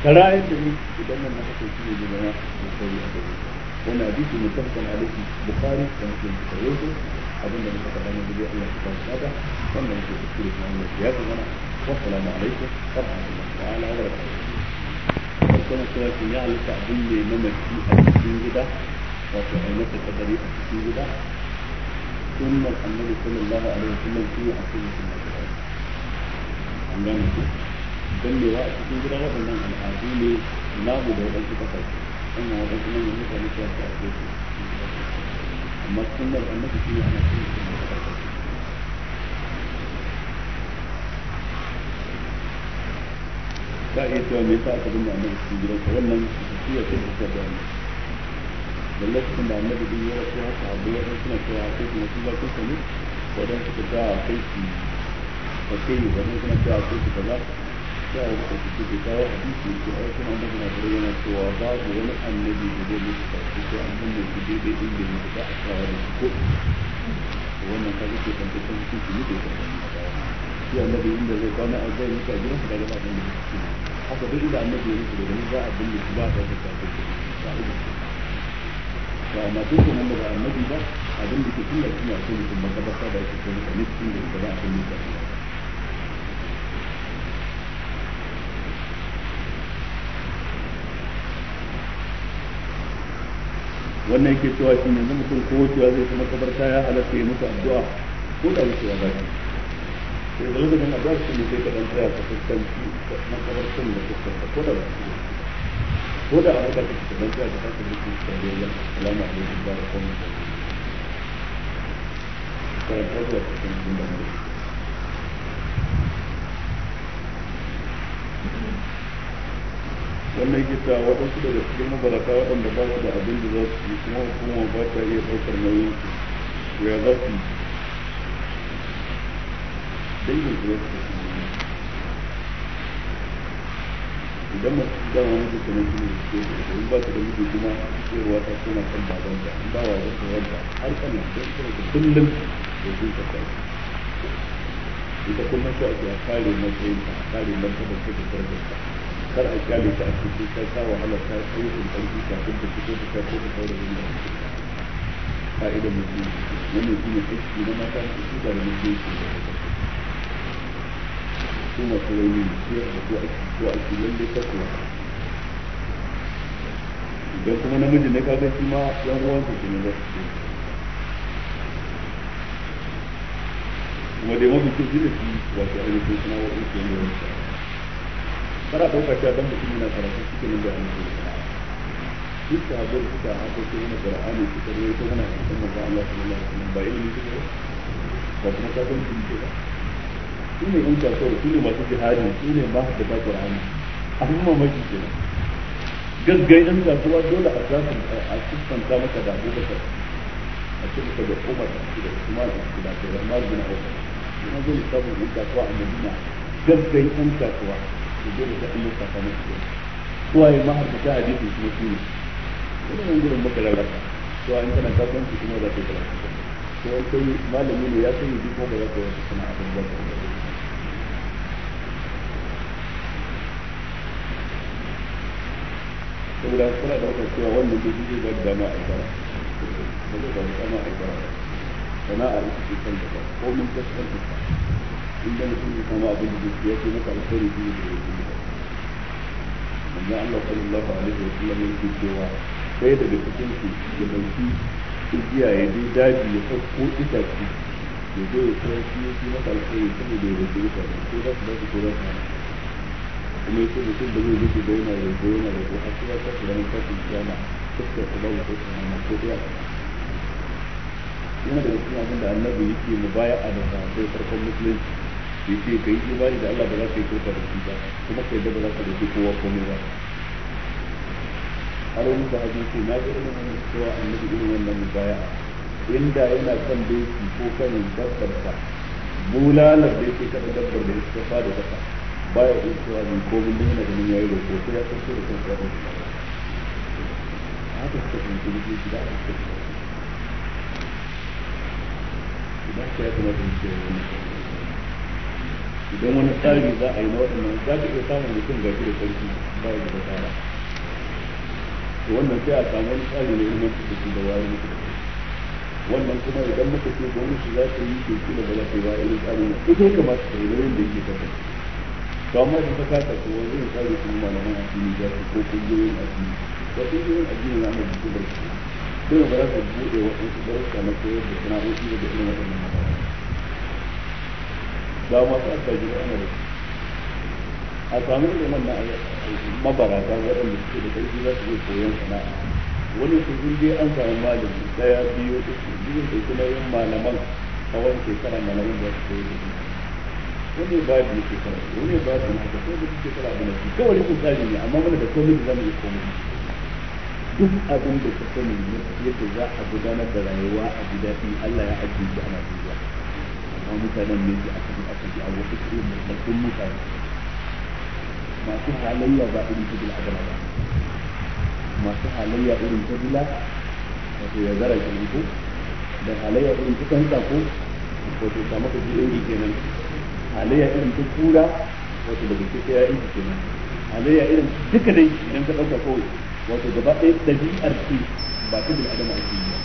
ka rayar da ni idan nan na haka shi ne zama alkhairi a gare wani hadisi mai mutafkan alaiki bukari da muslim da yau abin da muka faɗa ne da Allah ya kawo sada wannan yake da kuma ne ya zama mana wassalamu alaikum wa rahmatullahi wa ala wa barakatuh kuma sura ya halitta abin ne na mace a cikin gida wato a yi masa kadari a cikin gida sunnar annabi sallallahu alaihi wasallam shi ne a cikin sunnar an gane ku dan me wa a cikin gida waɗannan al'adu ne namu da waɗansu kasashe amma wadansu nan mutane su ta a cikin amma sunnar annabi shi ne a cikin sunnar ka iya cewa me yasa aka binne annabi cikin gidansa wannan tafiya ce da ta da da lokacin da annabi din ya rasu haka abu ya suna cewa a kai kuma sun ba kun sani wadan suka ga a kai ki a kai wadan suna cewa a kai kaza sai a wuka su ke kawo hadisi su a kuma annabi na tare yana cewa babu wani annabi da zai mutu ba ko an binne su daidai inda ya mutu ba a kawo da su ko wannan ka zuke kan kan hukunci ne da ya kawo shi annabi inda zai kwana a zai mutu a gidansa da gaba ɗan da haka duk inda annabi ya mutu da gani za a binne su ba a kawo da su ba a ba ma duk da nan da annabi ba abin da ke killa shi ne a cikin mutum ba ba da yake ko da ne cikin da ba a ne mutum wannan yake cewa shi ne mutum ko wucewa zai kuma kabarta ya halatta ya mutu addu'a ko da wucewa ba shi sai da lokacin addu'a shi ne sai ka dan tsaya ka fuskanci makabartan da fuskanci ko da ba ko da a haka take da ban da haka take da da kuma da kuma da kuma da wannan gita waɗansu daga cikin waɗanda ba da abin da za su yi kuma hukuma ba ta iya ɗaukar nauyin su ya za su yi dangin su idan mace su wani mutum kuma shi ne ke in ba su da miji kuma cewa ta tana kan baban da in ba wa ya ta da har kana da kullum da su ta kai ita kullum ko ake a kare matsayin ta kare martabar ta da darajar ta kar a kyale ta a cikin ta sa wahala ta tsaye in ɗauki kafin ta fito ta kai ko ta kai da wani ta fa'idar mutum wani shi ne aiki na mata su da mutum su da suna masu ne sai a ko ake ko ake lalle ta kuma idan kuma namiji ne kaga shi ma yan uwansa shi ne za su ce kuma dai mafi kyau shi ne shi wato ainihin sana'o'in su yadda wani sa'a kana ɗauka cewa dan mutum yana karatu suke nan da hannun sana'a duk da abin da suka wani ƙar'ani su karye ta wani a cikin Allah sallallahu alaihi wasallam ba ilimin su ba ba kuma ka san su ne ba su ne yan kasuwar su ne masu jihadi su ne su da takwar hannu abin mamaki ke nan gaggai yan kasuwa dole a zasu a ta maka da abu ka a cikin ka da kuma da su da kuma da su da kuma da kuma da kuma kuma da kuma da kuma da kuma da kuma da kuma ta an da kuma da da kuma da kuma su ne kuma kuma da kuma da kuma da kuma da kuma za da kuma da kuma da kuma ne ya da kuma da kuma da kuma da saboda kuna ɗaukar cewa wannan da zai ba dama a ibara ba zai ba dama a ibara ba sana'a ita ce kan daga komin kaskanta ta inda mutum ya kama abin da ya ce maka alkhairi biyu da ya ce maka amma Allah sallallahu alaihi wa sallam yake cewa sai daga cikin su ya dauki igiya ya je daji ya sauko itace ya zo ya kawo shi ya ce maka alkhairi saboda ya rage mutane ko za su ba su ko za su hana kuma yake mutum da zai gudu da yana yanzu yana da har sai ya tashi ranar tashin kiyama fuskar ta babu ko ta nama ko ta yana da cikin abin da annabi yake mu baya a da sai farkon musulunci da yake ka kai imani da Allah ba za ka yi kurka da shi ba kuma kai da ba za ka da shi kowa komai ba alamun da hadisi na ga irin wannan cewa annabi irin wannan mu baya inda yana kan doki ko kan dabbar sa bulalar da yake kada dabbar da yake fa da dabbar baya iya cewa ne ko mun bin yana ganin yayi ko sai ya san da kansa ya haka suka fahimci da shi da aka idan ka ya kamata mu ce idan wani tsari za a yi na waɗannan za ka iya samun mutum gaji da sarki ba ya da tsara to wannan sai a samu wani tsari na ilimin da su da wayar mutu wannan kuma idan muka ce gwamnati za ta yi ke kila ba za ta yi ba irin tsarin ita ya kamata ta yi da yadda yake tafiya to amma da ta ko zai sai su malaman addini da su ko kungiyoyin addini da kungiyoyin addini na mai cikin da su sai ba za ka bude wa wasu darussa na koyar da kana sana'o'i da irin da ma ta ta asali ana da a samu da wannan mabarata waɗanda suke da kai za su iya koyon sana'a wani su sun dai an samu malami daya biyu uku biyu da kuma yin malaman a wani shekara malaman da su koyar da su wani ba da yake kana wani ba da yake kana wani yake kana abin da kawai rikin tsari ne amma mana da komai da zamu yi komai duk abin da ka sani yadda za a gudanar da rayuwa a ji daɗi Allah ya ajiye shi ana duniya amma mutanen ne ke aka bi aka bi a wasu irin mutsatsun mutane masu halayya ba irin ta bila adama ba masu halayya irin ta bila wato ya zara shi ko da halayya irin ta kanta ko wato ta maka ji irin kenan halayya irin duk kura wato daga cikin ya yi nan halayya irin duka dai idan ka dauka kawai wato gaba ɗaya ɗabi'ar ce ba ta bil adama ake yi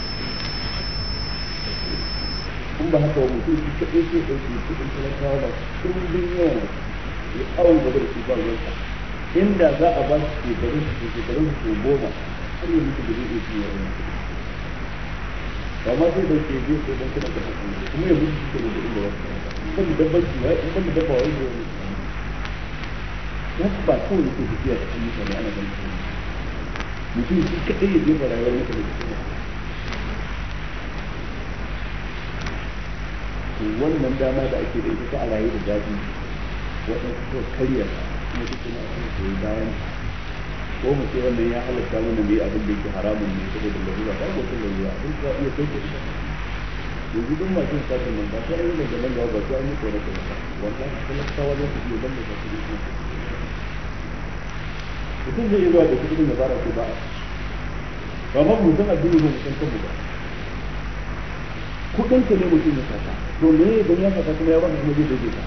kun ba haka mutum shi kaɗai sai ɗauki kuɗin talakawa ba kullum yawan ya awon gaba da su ba ruwansa inda za a ba su shekarun su shekarun su goma har yanzu da zai iya ciwo amma sai da ke jin sai dan kana da kuma ya mutu da da inda wasu kan dabbaci wai in kan dabba wai ne ya ba ko ne ke tafiya da kuma ana ganin mutum shi kadai ya jefa rayuwar mutane da kuma to wannan dama da ake da ita ta a rayu da daɗi waɗansu karya kuma duk suna kan koyi bayan ko mu ce wannan ya halatta mana mu abin da yake haramun ne saboda lalura ba ko lalura abin da ya kai shi yanzu duk masu sakin nan ba sai an yi da nan ba sai an yi tsoro da ba wannan talakawa za su iya dan da su da su mutum zai yi zuwa da kudin da bara ko ba a ba ma mu san addini ba mutum kan mu ba kudin ka ne mutum ya saka to me ne idan ya saka kuma ya wani kuma zai dage ka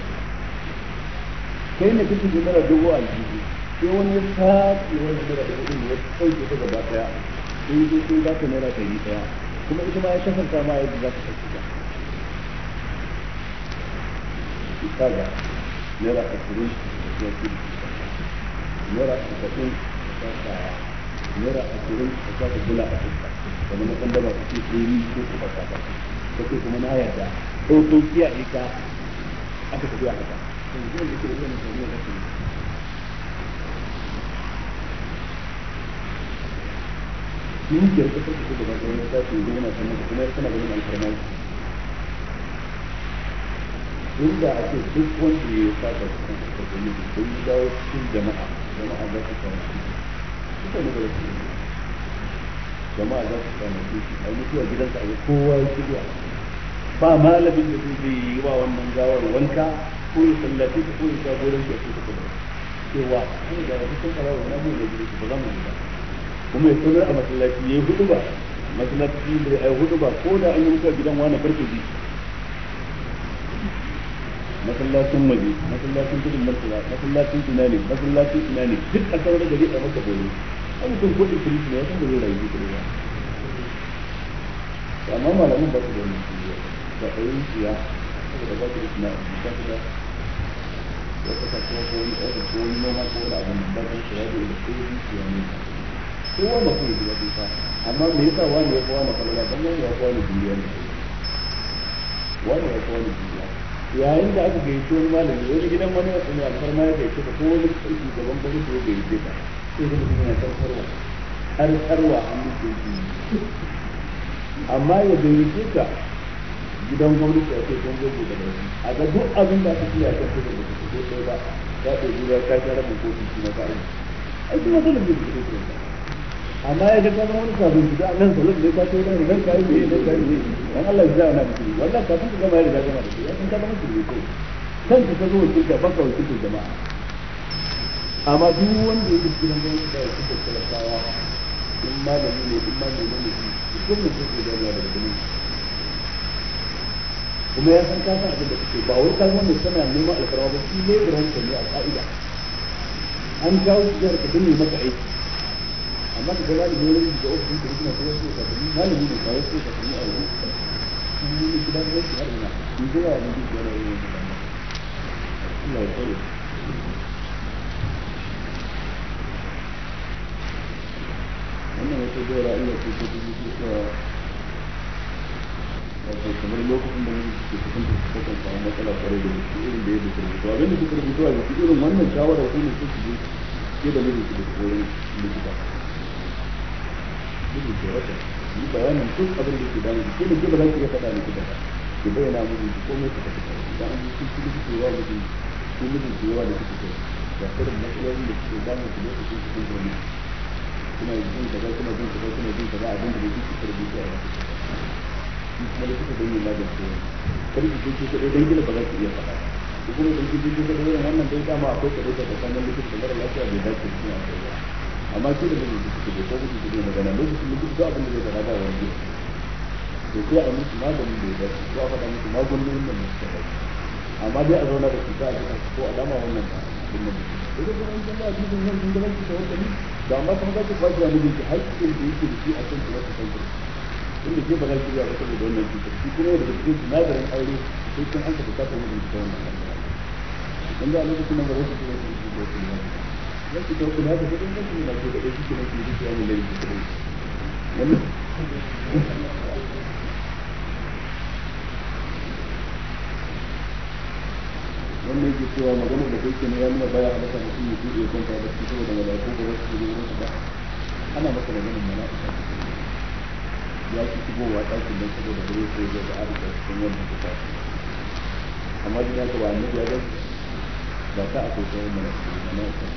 kai ne kake jimara dubu aljihu sai wani ya sace wani naira da kudin ya sauke ta gaba daya sai ya sai za ta naira ɗari daya kuma ita ma ya shafanta ma yadda za ta sauke ta kaga naira ashirin da kuma ta naira ashirin da kuma naira ashirin da kuma ta a ta kuma na kan daba kuke ɗari ko kuma ta kake kuma na yarda ɗaukar kiyaye ta aka tafi a haka. Yanzu yanzu ke da yawan mutane da dukiyar kasar da gaba da na sace ya yana sanin kuma ya sana ganin alfarma inda a ce duk wanda ya yi sata cikin kasar da ne don ya dawo cikin jama'a jama'a za su samu shi suka ne da su jama'a za su samu shi su yi zuwa gidansa a yi kowa ya shirya ba malamin da zai yi wa wannan gawar wanka ko ya sallafi ko ya jagoranci a cikin kasar cewa kan da ya fi kan karawa na mu da ba za mu yi ba kuma ya sanar a masallaci ya yi hudu ba masallaci da ya yi hudu ba ko da an yi mutuwa gidan wani farko ji masallacin waje masallacin gudun martaba masallacin tunani masallacin tunani duk a sauran gari a maka bolo an kun ko in kiristi ne san da zai rayu da ba amma malamin ba su da wani ba ta yin siya da ba su da suna ba su da wata kasuwa ko wani ko wani noma ko wani abin da ba su da wani da ko wani siya ne kowa masu yi biya duka amma me yasa wani ya kowa masu lada dan ya kowa ne duniya ne wani ya kowa ne duniya yayin da aka gaishe wani malami wani gidan wani ya tsumi alfarma ya gaishe ka ko wani sarki gaban gwamnati ko yi ka sai da mutum yana karkarwa karkarwa an yi yi amma ya gaishe ka gidan gwamnati a don gobe da a ga duk abin da aka ya kan kusa da kusa ko sai ba ka ɗauki kai ta rabin kofi shi na ka'ayi ai kuma sanin da kusa da amma ya ga kan wani sabon fita da nan salon da ya kwaso yana rigar kayi da ya kayi da dan Allah ya zama da shi wannan ka ka ga mai riga ga mai ya san ka gama shi ko kan ka zo wakil da baka wakil jama'a amma duk wanda ya cikin nan da ya da talakawa in ma da ne in ma da ne ne duk ne ke da ya da ne kuma ya san kasan abin da kake ba wai kan wanda tana neman alfarma ba shi ne irin ne a ka'ida an kawo shi da kudin ne maka aiki amma da gaba da wurin da ofi da kuma da wasu da kuma malami da kawo su da kuma aure sun yi gidan wasu har ina in zuwa da duk da rayuwa Allah ya tsare wannan wata gora Allah ce ta dubu su cewa wato kamar lokacin da muke ke cikin fuskantar samun matsala kwarai da gaske irin da ya da rubutu abin da suka rubutu a jiki irin wannan shawarar kuma su su da mijinki da tsoron likita gudu ke wata yi bayanin duk abin da ke bayan ke da ba za ki iya faɗa miki ba ki bayyana mijin ki komai ka tafi idan an yi shi shi ke yawa mijin shi mijin ke yawa da kike da ga irin matsalolin da ke bayan ku lokacin cikin gwamnati kuna jin kaza kuna jin kuma kuna jin kaza abin da ke cikin rubutu a yau kuma da kuka bayyana lagar ko kar ki ji kaɗai dan gina ba za ki iya faɗa ko kuma dan ki ji kaɗai wannan dai dama akwai kaɗai da tsakanin likita da mara lafiya bai dace da kuma amma shi da bai da kowa ko suke da magana lokacin da duk da abin da zai faɗa ba wani to sai a musu maganin da ya dace ko a faɗa musu maganin da musu ta dace amma dai a zauna da cuta a cikin ko alama wannan da abin da musu da kuma in ba a cikin nan sun gaba wata ne da amma kuma za ba shi da mijinki haƙƙin da yake da shi a kan kuma ta kanki inda ke ba za ki ba saboda wannan cutar shi kuma yadda cikin sinadarin aure sai kun an ka bukatar mijinki ta wannan kan in da a lokacin nan ba za ku iya yin shi da wasu wannan ke cewa magana da kai kenan ya nuna baya halatta mutum ya buɗe ya kwanta da fito da mala'iku ba wasu ne wasu ba ana masa maganin mala'ika ya fi shigowa ɗakin don saboda gare su ya ga arzika cikin wannan kuka amma duk ya ga ba ya ga ba ta akwai sauran mala'ika mala'ika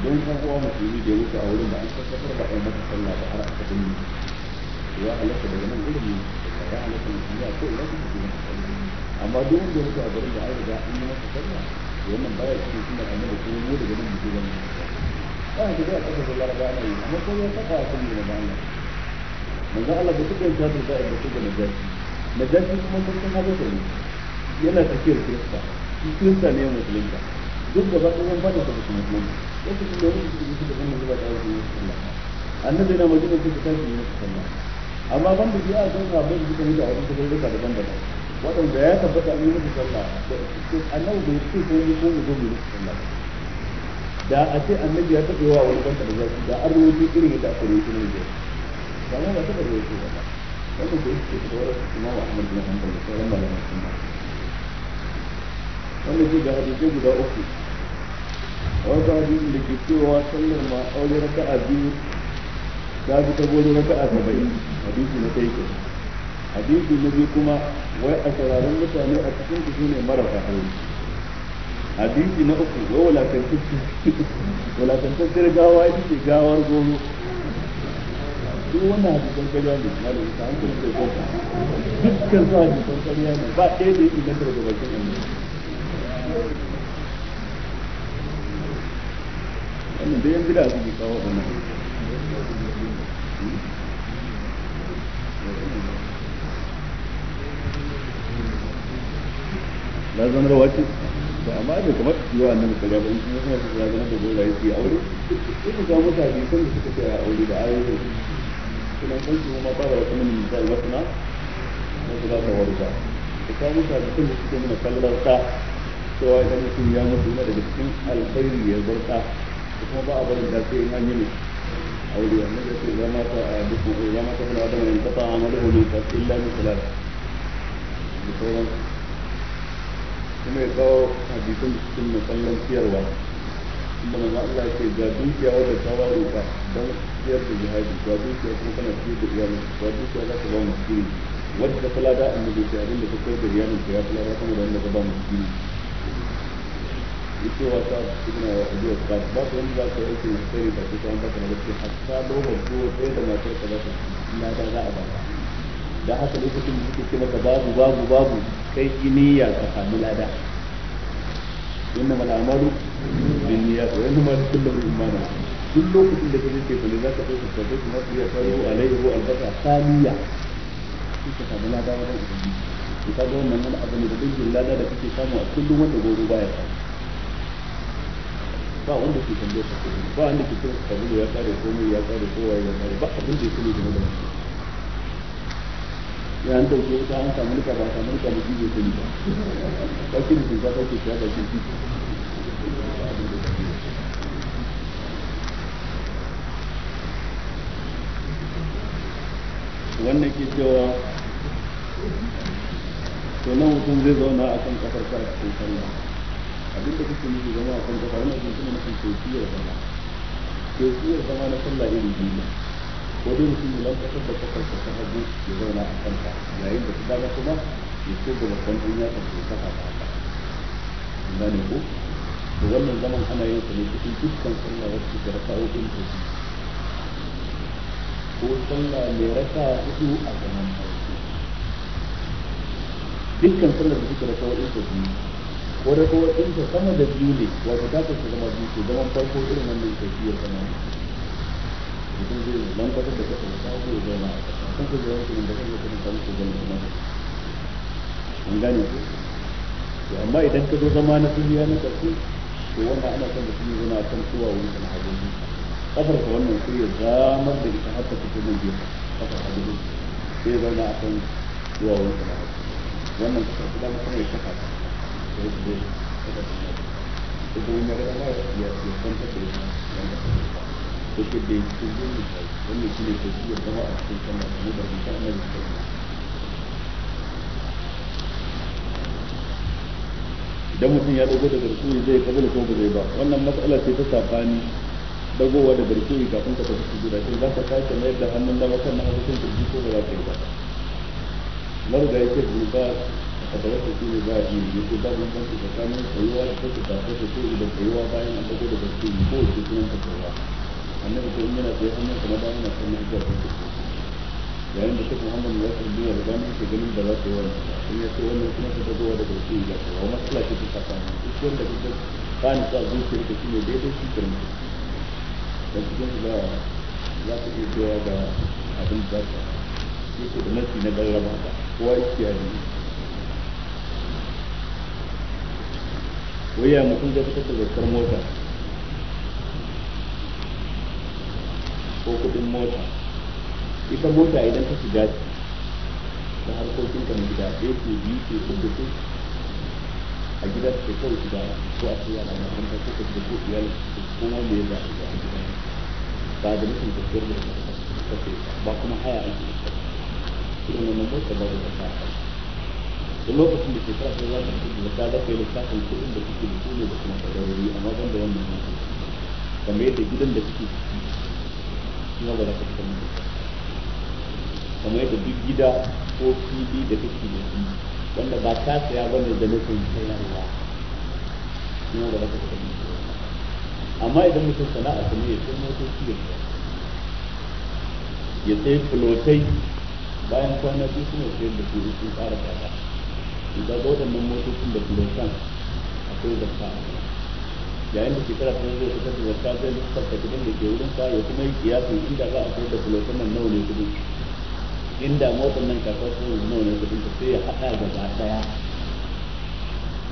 don kan uwa musulmi da ya wuce a wurin ba an tabbatar da a yi masa sallah da har aka bin ya halatta daga nan gurin ne ya halatta musulmi a ko'ina su musulmi amma duk wanda ya wuce a garin da an riga an yi masa sallah wannan baya cikin sunan da ko mu daga nan musulmi ba ne ba da aka ga laraba ana yi amma ko ya saka a kan ne ba Allah Allah ba duk da ta a su da najashi najashi kuma sun san haka ne yana tafiyar kirista shi kirista ne musulunta duk da ba su ka ba da su musulunta lokacin da wani jiki jiki da ɗan zuba da yake yi sallah annabi na madina da ta tashi yi sallah amma ban da shi a san sabon da suka mutu a wasu sadarruka daban-daban waɗanda ya tabbata an yi musu sallah annabi bai ce ko yi ko mu zo mu yi sallah da a ce annabi ya taɓa yawa wani banta da zafi da an rubuta irin yadda aka rubuta ne da ba ma ba taɓa rubuta ba Wannan da yake da wani imam Ahmad bin Hanbal da sauran malaman sunna wannan shi ga hadisi guda uku wata hadisin da ke cewa sallar ma aure raka raka'a biyu ta fi ta gole raka'a saba'in hadisi na kai ke hadisi na biyu kuma wai a sararin mutane a cikin su ne marasa aure hadisi na uku wai walakantattar gawa ita ce gawar goro duk wannan hadisan karya ne na da wuta hankali sai kanka dukkan su hadisan karya ne ba ɗaya da yake na daga bakin annabi wannan dai yan bida suke kawo wannan na wace amma su yi ba su da gora yi aure sai samu da suka aure da su ma ba da wata mini misali na samu da nuna kallon sa cewa idan mutum ya mutu yana daga cikin alkhairi ya bar kuma ba a bari da sai an yi aure wannan da sai zama ta a duk zama ta fara da mai kafa amalu ne ta illa min salat da sauran kuma ya kawo hadisin cikin musallan ciyarwa inda manzo Allah ya ce ga dukiya wadda ta ba roƙa don ciyar da jihadi ga dukiya kuma kana ciyar da iyalin ga dukiya za ka ba mu ciyar wadda ta falada annabi ta abin da ta kai da iyalin ta ya falada kuma da wanda ta ba mu ciyar isowa ta suna wa ajiyar ba su ba su wani za su aikin alkhairi ba su ta wani bakar wasu hatta lokacin ko ɗaya da matar ka za ta na ta za a baka da haka lokacin da suke maka babu babu babu kai yi niyya ka sami lada inna mal amalu bin niyyat wa inna mal kullu min imana duk lokacin da kake ce bane za ka ɗauka ka ɗauka masu ya faru alaihi wa albasa saniya suka sami lada wajen ubangiji ka ga wannan wani abu ne da dukkan lada da kake samu a kullum wanda gobe baya samu ba wanda ke tambaye ka ba wanda ke kira ka ya kare ko mai ya kare ko waye ya kare ba abin da ya ne game da shi ya an dauke wuta an samu nika ba samu nika da jiye ko nika ba shi ne ba ke ya da shi wannan ke cewa to nan mutum zai zauna a kan kafar ta a cikin sallah abin da kake nufi zama a kan kafa yana jin kuma nufin kefiyar zama kefiyar zama na sallah irin biyu ne ko dai mutum ya lankwasar da kafar ta ta hagu ya zauna a kanta yayin da ta dama kuma ya ce da babban duniya ta ce ta haka an gane ko to wannan zaman ana yin sa ne cikin dukkan sallah wacce ta raka'o'in ta ko sallah mai raka hudu a zaman farko dukkan sallar da suka rasa waɗansu biyu wani kuma ɗinsa sama da biyu ne wato ta su zama biyu ke zaman farko irin wanda ya tafi ya sama mutum zai zan kwatar da kasar da ya zama a kan kujerar shirin da kan kujerar ta ko zama kuma an gane ku to amma idan ka zo zama na duniya na ƙarshe to wanda ana son da kuma zama kan kowa wani kan hajjoji kafar ka wannan sai ya zamar da ita har ta fito mai biyu kafar hajjoji sai ya a kan kowa wani kan hajjoji wannan da kuma kuma ya shafa idan mutum ya dogo da garkuwa zai kabula ko ba zai ba wannan matsala ce ta safani dagowa da garkuwa kafin ka tafi sujuda sai za ka sake mayar da hannun dama kan na hagu kan kirji ko ba za ka yi ba marga yake ba a da wasu shi ne za a iya yi ko ba mun banki tsakanin tsayuwa da take da take ko da tsayuwa bayan an da daga cikin ko ce sunan ta tsayuwa annabi ko in yana tsaye hannun kuma bayan na sannan zuwa ta yayin da shekhu muhammad ya karbi ya riga mun ke ganin da za ta yi wani in ya ce wannan kuma ta dagowa cikin ya tsayuwa matsala ce ta tsakanin duk wanda kuka bani sa zuciyar ka shi ne daidai shi kirmi dan cikin da za ta iya cewa ga abin da za ta yi yake da nasi na garraba kowa yake yayi waya mutum zai fitar da zakar mota ko kudin mota ita mota idan ta shiga da harkokin ta gida ɗaya ke biyu ke kudu ko a gida ke kawai shiga ko a tsaye na makaranta ko ka shiga ko iyali ko wanda ya zaɓi a gida ba da mutum tafiyar da ta ba kuma haya ake irin wannan mota ba da ta da lokacin da ke za ta zaka fito da zakka zaka yi lissafin kuɗin da kike da su ne da kuma kadarori amma ban da wannan ne kamar yadda gidan da kike kuma ba za ka fita mutu kamar yadda duk gida ko fili da kake da su wanda ba ta saya ba ne da nufin sayarwa kuma ba za ka fita mutu amma idan mutum sana'a ta ne ya sai motoci ya ya sai fulotai bayan kwana biyu kuma sayar da su sun ƙara tsada da ga waɗannan motocin da bulokan akwai zakka yayin da shekara ta zai fitar da ta zai lissafta kudin da ke wurin sa ya kuma yi kiyasin inda za a kai da bulokan nan nawa ne kudin inda motar nan kasuwar sun nawa ne kudin sai ya haɗa gaba ɗaya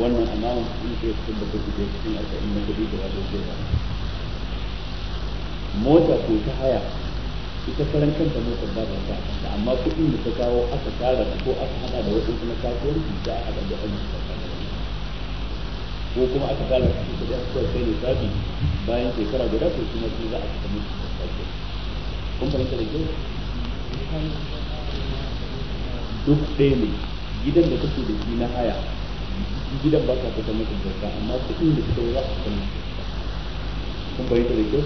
wannan amma in sai fitar da kudi da cikin arba'in na kudi da wato sai ba mota ko ta haya ita karan kanta motar ba ta da amma kuɗin da ta kawo aka tara ta ko aka hada da wasu kuma kasuwanci da aka ɗan da ko kuma aka tara ta kuɗi aka kawai kai lissafi bayan shekara guda ko kuma su za a cika musu da sake kun fahimta da kyau duk ɗaya ne gidan da kake da shi na haya gidan ba ta fita mutum amma kuɗin da suka yi za a fita mutum kun bayyana da kyau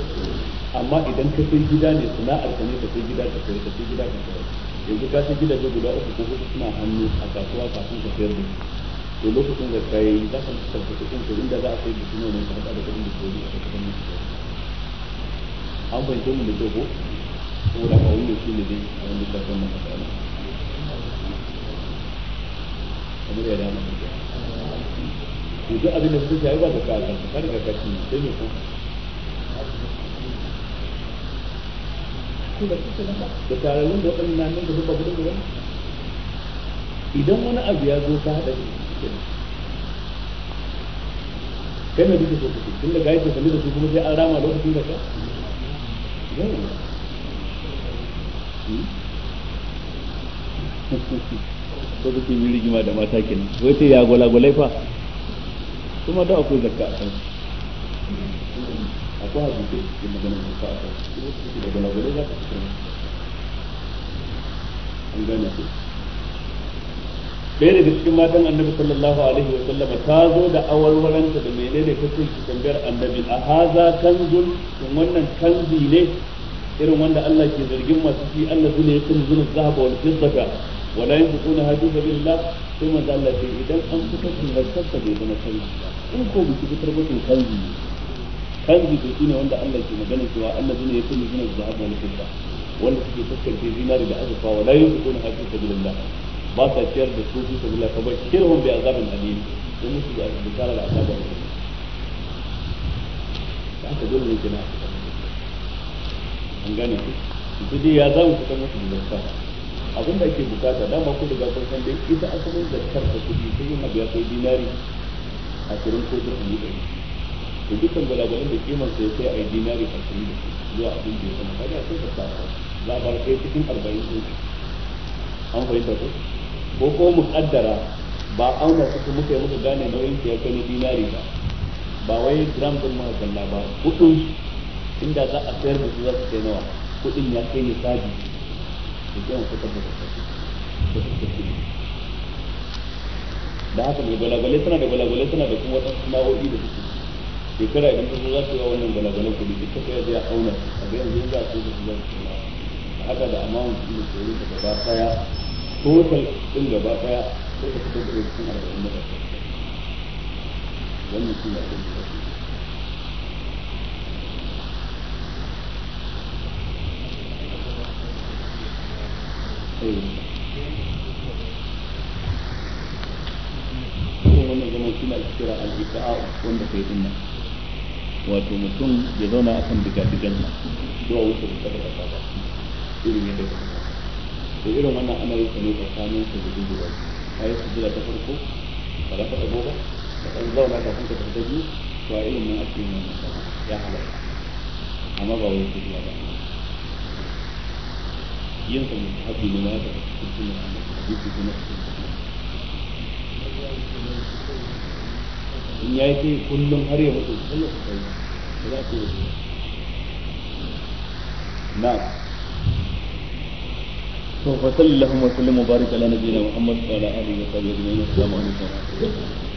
amma idan ka sai gida ne sana'ar ka ne ka sai gida ka sayar ka sai gida ka sayar yanzu ka sai gidaje guda uku ko huɗu suna hannu a kasuwa kafin ka sayar da to lokacin da ka yi za ka tabbata kuɗin ka inda za a sayar da su ne ka haɗa da kuɗin da ke yi a cikin an fahimce mu da kyau ko saboda a wani shi ne dai a wani kasuwan na kasuwa kamar ya dama ku duk abin da suka yi ba da ka a kan ka riga ka ci sai ne ko su da suke nan da tararrun da waɗannan nan da suka idan wani abu ya zo ka haɗa shi kai mai duka sosai tun da gaya ke da su kuma sai an rama lokacin da ka ko da yi rigima da mata kenan wai sai ya gwalagwalai fa kuma da akwai zakka a kansu ko hadisi cikin maganar da ka da gwalagwale za ka fitar an gane su ɗaya daga cikin matan annabi sallallahu alaihi wa sallama ta zo da awarwaranta da menene ta ce tambayar annabi a haza kanzun in wannan kanzi ne irin wanda Allah ke zargin masu shi Allah zune yakin zuna zahaba wani fiddaka wala yanfiquna hadu billah sai manzo Allah ce idan an fitar da sarka bai zama kanzi in ko biki fitar ba to ne. kanzu su shine wanda Allah ke magana cewa Allah zai yi kullu zina zahab wa fidda wanda suke tattace zinari da azurfa wa la yunfiquna fi sabilillah ba ta ciyar da su fi sabilillah fa bashirhum bi azabin alim in musu da bisara da azabin alim haka dole ne kina an gane ku su dai ya zamu fitar musu da zakka abin da ake bukata dama ku da kun san dai ita asalin da ta kudi sai yin abu ya kai dinari 20 ko 30 to dukkan gwalagwalan da kimar sai sai a yi dinari a cikin da zuwa abin da ya zama kaga sai da sa za a bar kai cikin arba'in sun an fahimta ko ko ko mu kaddara ba an da suka muka yi muka gane nauyin ya kai dinari ba ba wai gram din muka kalla ba kudin inda za a sayar da su za su kai nawa kudin ya kai ne sabi da ke mu fitar da da haka mai gwalagwale suna da gwalagwale suna da kuma wata nau'o'i da suke shekara idan ta zo za su yi wannan gwalagwalan kuɗi duk ta a auna a ga yanzu za su yi za su a haka da amount da tsoron ta gaba ɗaya total din gaba ɗaya sai ka fito da cikin arba'in da ɗaya wannan shi ne abin da ya fi eh. wannan suna wato mutum ya zauna akan diga-digan nan zuwa wuce da kada kasa ba irin yadda ka kasa da irin wannan ana yi ne tsakanin su da dubu ba a yi sujjada ta farko ba da ka ɗago ba ka ɗan zauna da kanta da biyu to a irin nan ake yin wannan ya halarta amma ba wani sujjada ba yin sa mutum haɗi ne ma ya tafi cikin suna hadisi kuma cikin suna in ya yi kullum har yau mutu kullum su kai ba za su yi na to fa sallallahu wa sallam mubarak ala nabiyina muhammad wa ala alihi wa sahbihi ajma'in assalamu alaikum